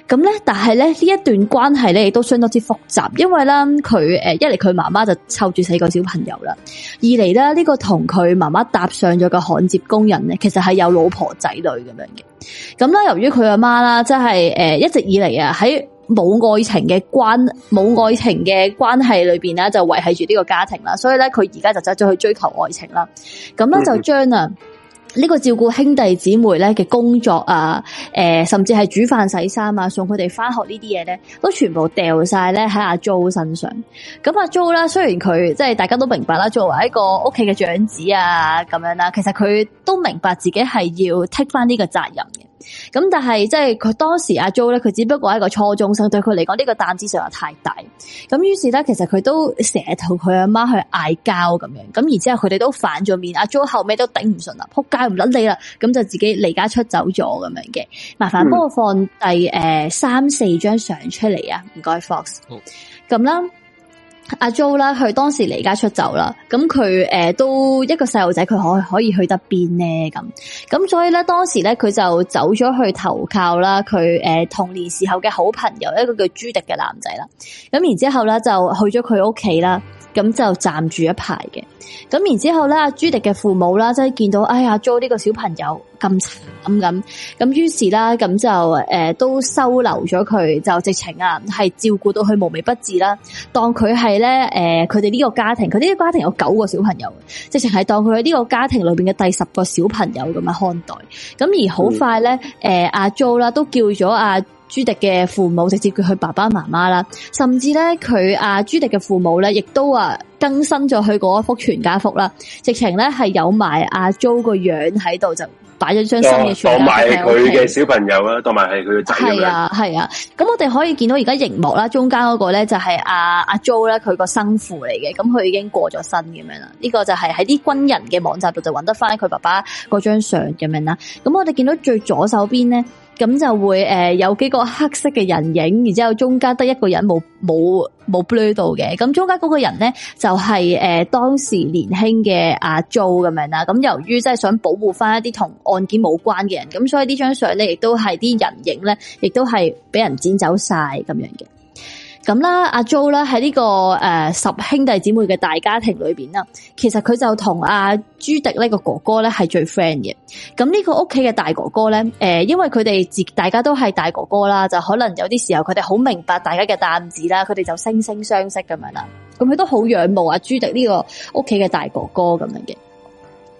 咁咧，但係咧呢一段關係咧，亦都相當之複雜，因為咧佢誒一嚟佢媽媽就湊住四個小朋友啦，二嚟咧呢，呢個同佢媽媽搭上咗個焊接工人咧，其實係有老婆仔女咁樣嘅。咁呢，由於佢阿媽啦，即係誒一直以嚟啊喺冇愛情嘅關冇愛情嘅關係裏邊啦，就維繫住呢個家庭啦，所以咧佢而家就走咗去追求愛情啦。咁呢，就將。啊、嗯嗯。呢個照顧兄弟姊妹咧嘅工作啊，誒、呃，甚至係煮飯洗衫啊，送佢哋翻學這些東西呢啲嘢咧，都全部掉晒咧、啊、喺阿 Jo 身上。咁阿 Jo 啦，雖然佢即係大家都明白啦，作為一個屋企嘅長子啊，咁樣啦，其實佢都明白自己係要剔 a 翻呢個責任嘅。咁但係即係佢當時阿 Jo 咧，佢只不過係一個初中生，對佢嚟講呢個擔子上係太大，咁於是咧，其實佢都成日同佢阿媽去嗌交咁樣，咁然之後佢哋都反咗面，阿 Jo 後尾都頂唔順啦，仆街唔甩你啦，咁就自己離家出走咗咁樣嘅。麻煩幫我放第誒三四張相出嚟啊，唔該 Fox。咁啦好。阿 Jo 啦，佢當時離家出走啦，咁佢誒都一個細路仔，佢可以可以去得邊呢？咁咁所以咧，當時咧佢就走咗去投靠啦，佢誒童年時候嘅好朋友，一個叫朱迪嘅男仔啦，咁然之後咧就去咗佢屋企啦。咁就站住一排嘅，咁然之後咧，朱迪嘅父母啦，真係見到哎呀，Jo 呢個小朋友咁慘咁，咁於是啦，咁就誒、呃、都收留咗佢，就直情啊係照顧到佢無微不至啦，當佢係咧誒佢哋呢、呃、個家庭，佢呢個家庭有九個小朋友，直情係當佢喺呢個家庭裏邊嘅第十個小朋友咁樣看待，咁而好快咧，誒阿 Jo 啦都叫咗阿、啊。朱迪嘅父母，直接叫佢爸爸媽媽啦，甚至咧佢阿朱迪嘅父母咧，亦都啊更新咗佢嗰一幅全家福啦。直情咧係有埋阿 Jo 個樣喺度，就擺咗張新嘅全家福埋佢嘅小朋友啦，同埋係佢嘅仔。係啊，係啊。咁我哋可以見到而家熒幕啦，中間嗰個咧就係阿阿 Jo 咧，佢，啊，個生父嚟嘅。咁佢已經過咗身咁樣啦。呢，這個就係喺啲軍人嘅網站度就揾得翻佢爸爸嗰張相咁樣啦。咁我哋見到最左手邊咧。咁就會、呃、有幾個黑色嘅人影，然之後中間得一個人冇冇冇 blur 到嘅，咁中間嗰個人咧就係、是呃、當時年輕嘅阿 Jo 咁樣啦。咁由於即係想保護翻一啲同案件冇關嘅人，咁所以張呢張相咧亦都係啲人影咧，亦都係俾人，人剪走曬咁樣嘅。咁啦，阿 Jo 啦喺呢個誒、呃、十兄弟姊妹嘅大家庭裏邊啦，其實佢就同阿、啊、朱迪呢個哥哥咧係最 friend 嘅。咁呢個屋企嘅大哥哥咧，誒、呃，因為佢哋自大家都係大哥哥啦，就可能有啲時候佢哋好明白大家嘅擔子啦，佢哋就惺惺相惜咁樣啦。咁佢都好仰慕阿、啊、朱迪呢個屋企嘅大哥哥咁樣嘅。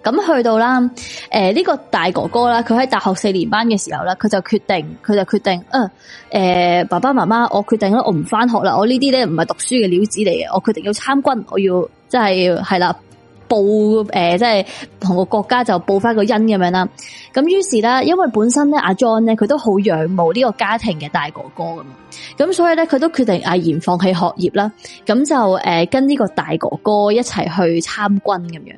咁去到啦，誒、呃、呢、這個大哥哥啦，佢喺大學四年班嘅時候啦，佢就決定，佢就決定，嗯、啊，誒、呃、爸爸媽媽，我決定啦，我唔翻學啦，我呢啲咧唔係讀書嘅料子嚟嘅，我決定要參軍，我要即係係啦，報誒即係同個國家就報翻個恩咁樣啦。咁於是咧，因為本身咧阿 John 咧，佢都好仰慕呢個家庭嘅大哥哥咁。咁所以咧，佢都決定毅然放棄學業啦。咁就誒、呃、跟呢個大哥哥一齊去參軍咁樣。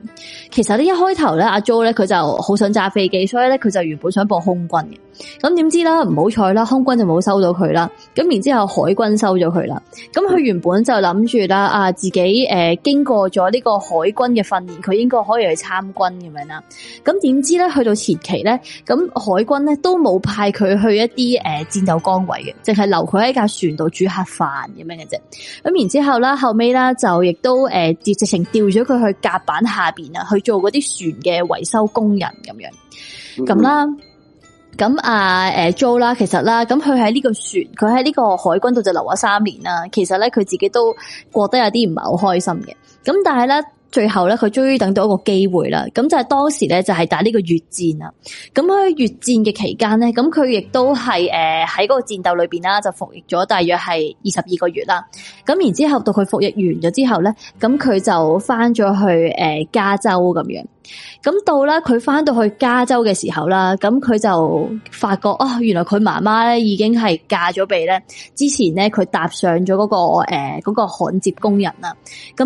其實呢，一開頭咧，阿、啊、Jo 咧佢就好想揸飛機，所以咧佢就原本想報空軍嘅。咁點知咧唔好彩啦，空軍就冇收到佢啦。咁然之後海軍收咗佢啦。咁佢原本就諗住啦，啊自己誒、呃、經過咗呢個海軍嘅訓練，佢應該可以去參軍咁樣啦。咁點知咧去到前期咧，咁海軍咧都冇派佢去一啲誒、呃、戰鬥崗位嘅，淨係留佢。喺架船度煮下飯咁樣嘅啫，咁然之後啦，後尾啦就亦都誒、呃、直直情調咗佢去甲板下邊啊，去做嗰啲船嘅維修工人咁樣，咁啦、嗯嗯，咁啊誒、呃、Joe 啦，其實啦，咁佢喺呢個船，佢喺呢個海軍度就留咗三年啦，其實咧佢自己都過得有啲唔係好開心嘅，咁但係咧。最後咧，佢終於等到一個機會啦。咁就係當時咧，就係打呢個越戰啊。咁喺越戰嘅期間咧，咁佢亦都係誒喺嗰個戰鬥裏邊啦，就服役咗大約係二十二個月啦。咁然之後到佢服役完咗之後咧，咁佢就翻咗去誒、呃、加州咁樣。咁到咧佢翻到去加州嘅時候啦，咁佢就發覺、哦、原來佢媽媽咧已經係嫁咗俾咧之前咧佢搭上咗嗰、嗰個誒嗰、呃嗰個焊接工人啦。咁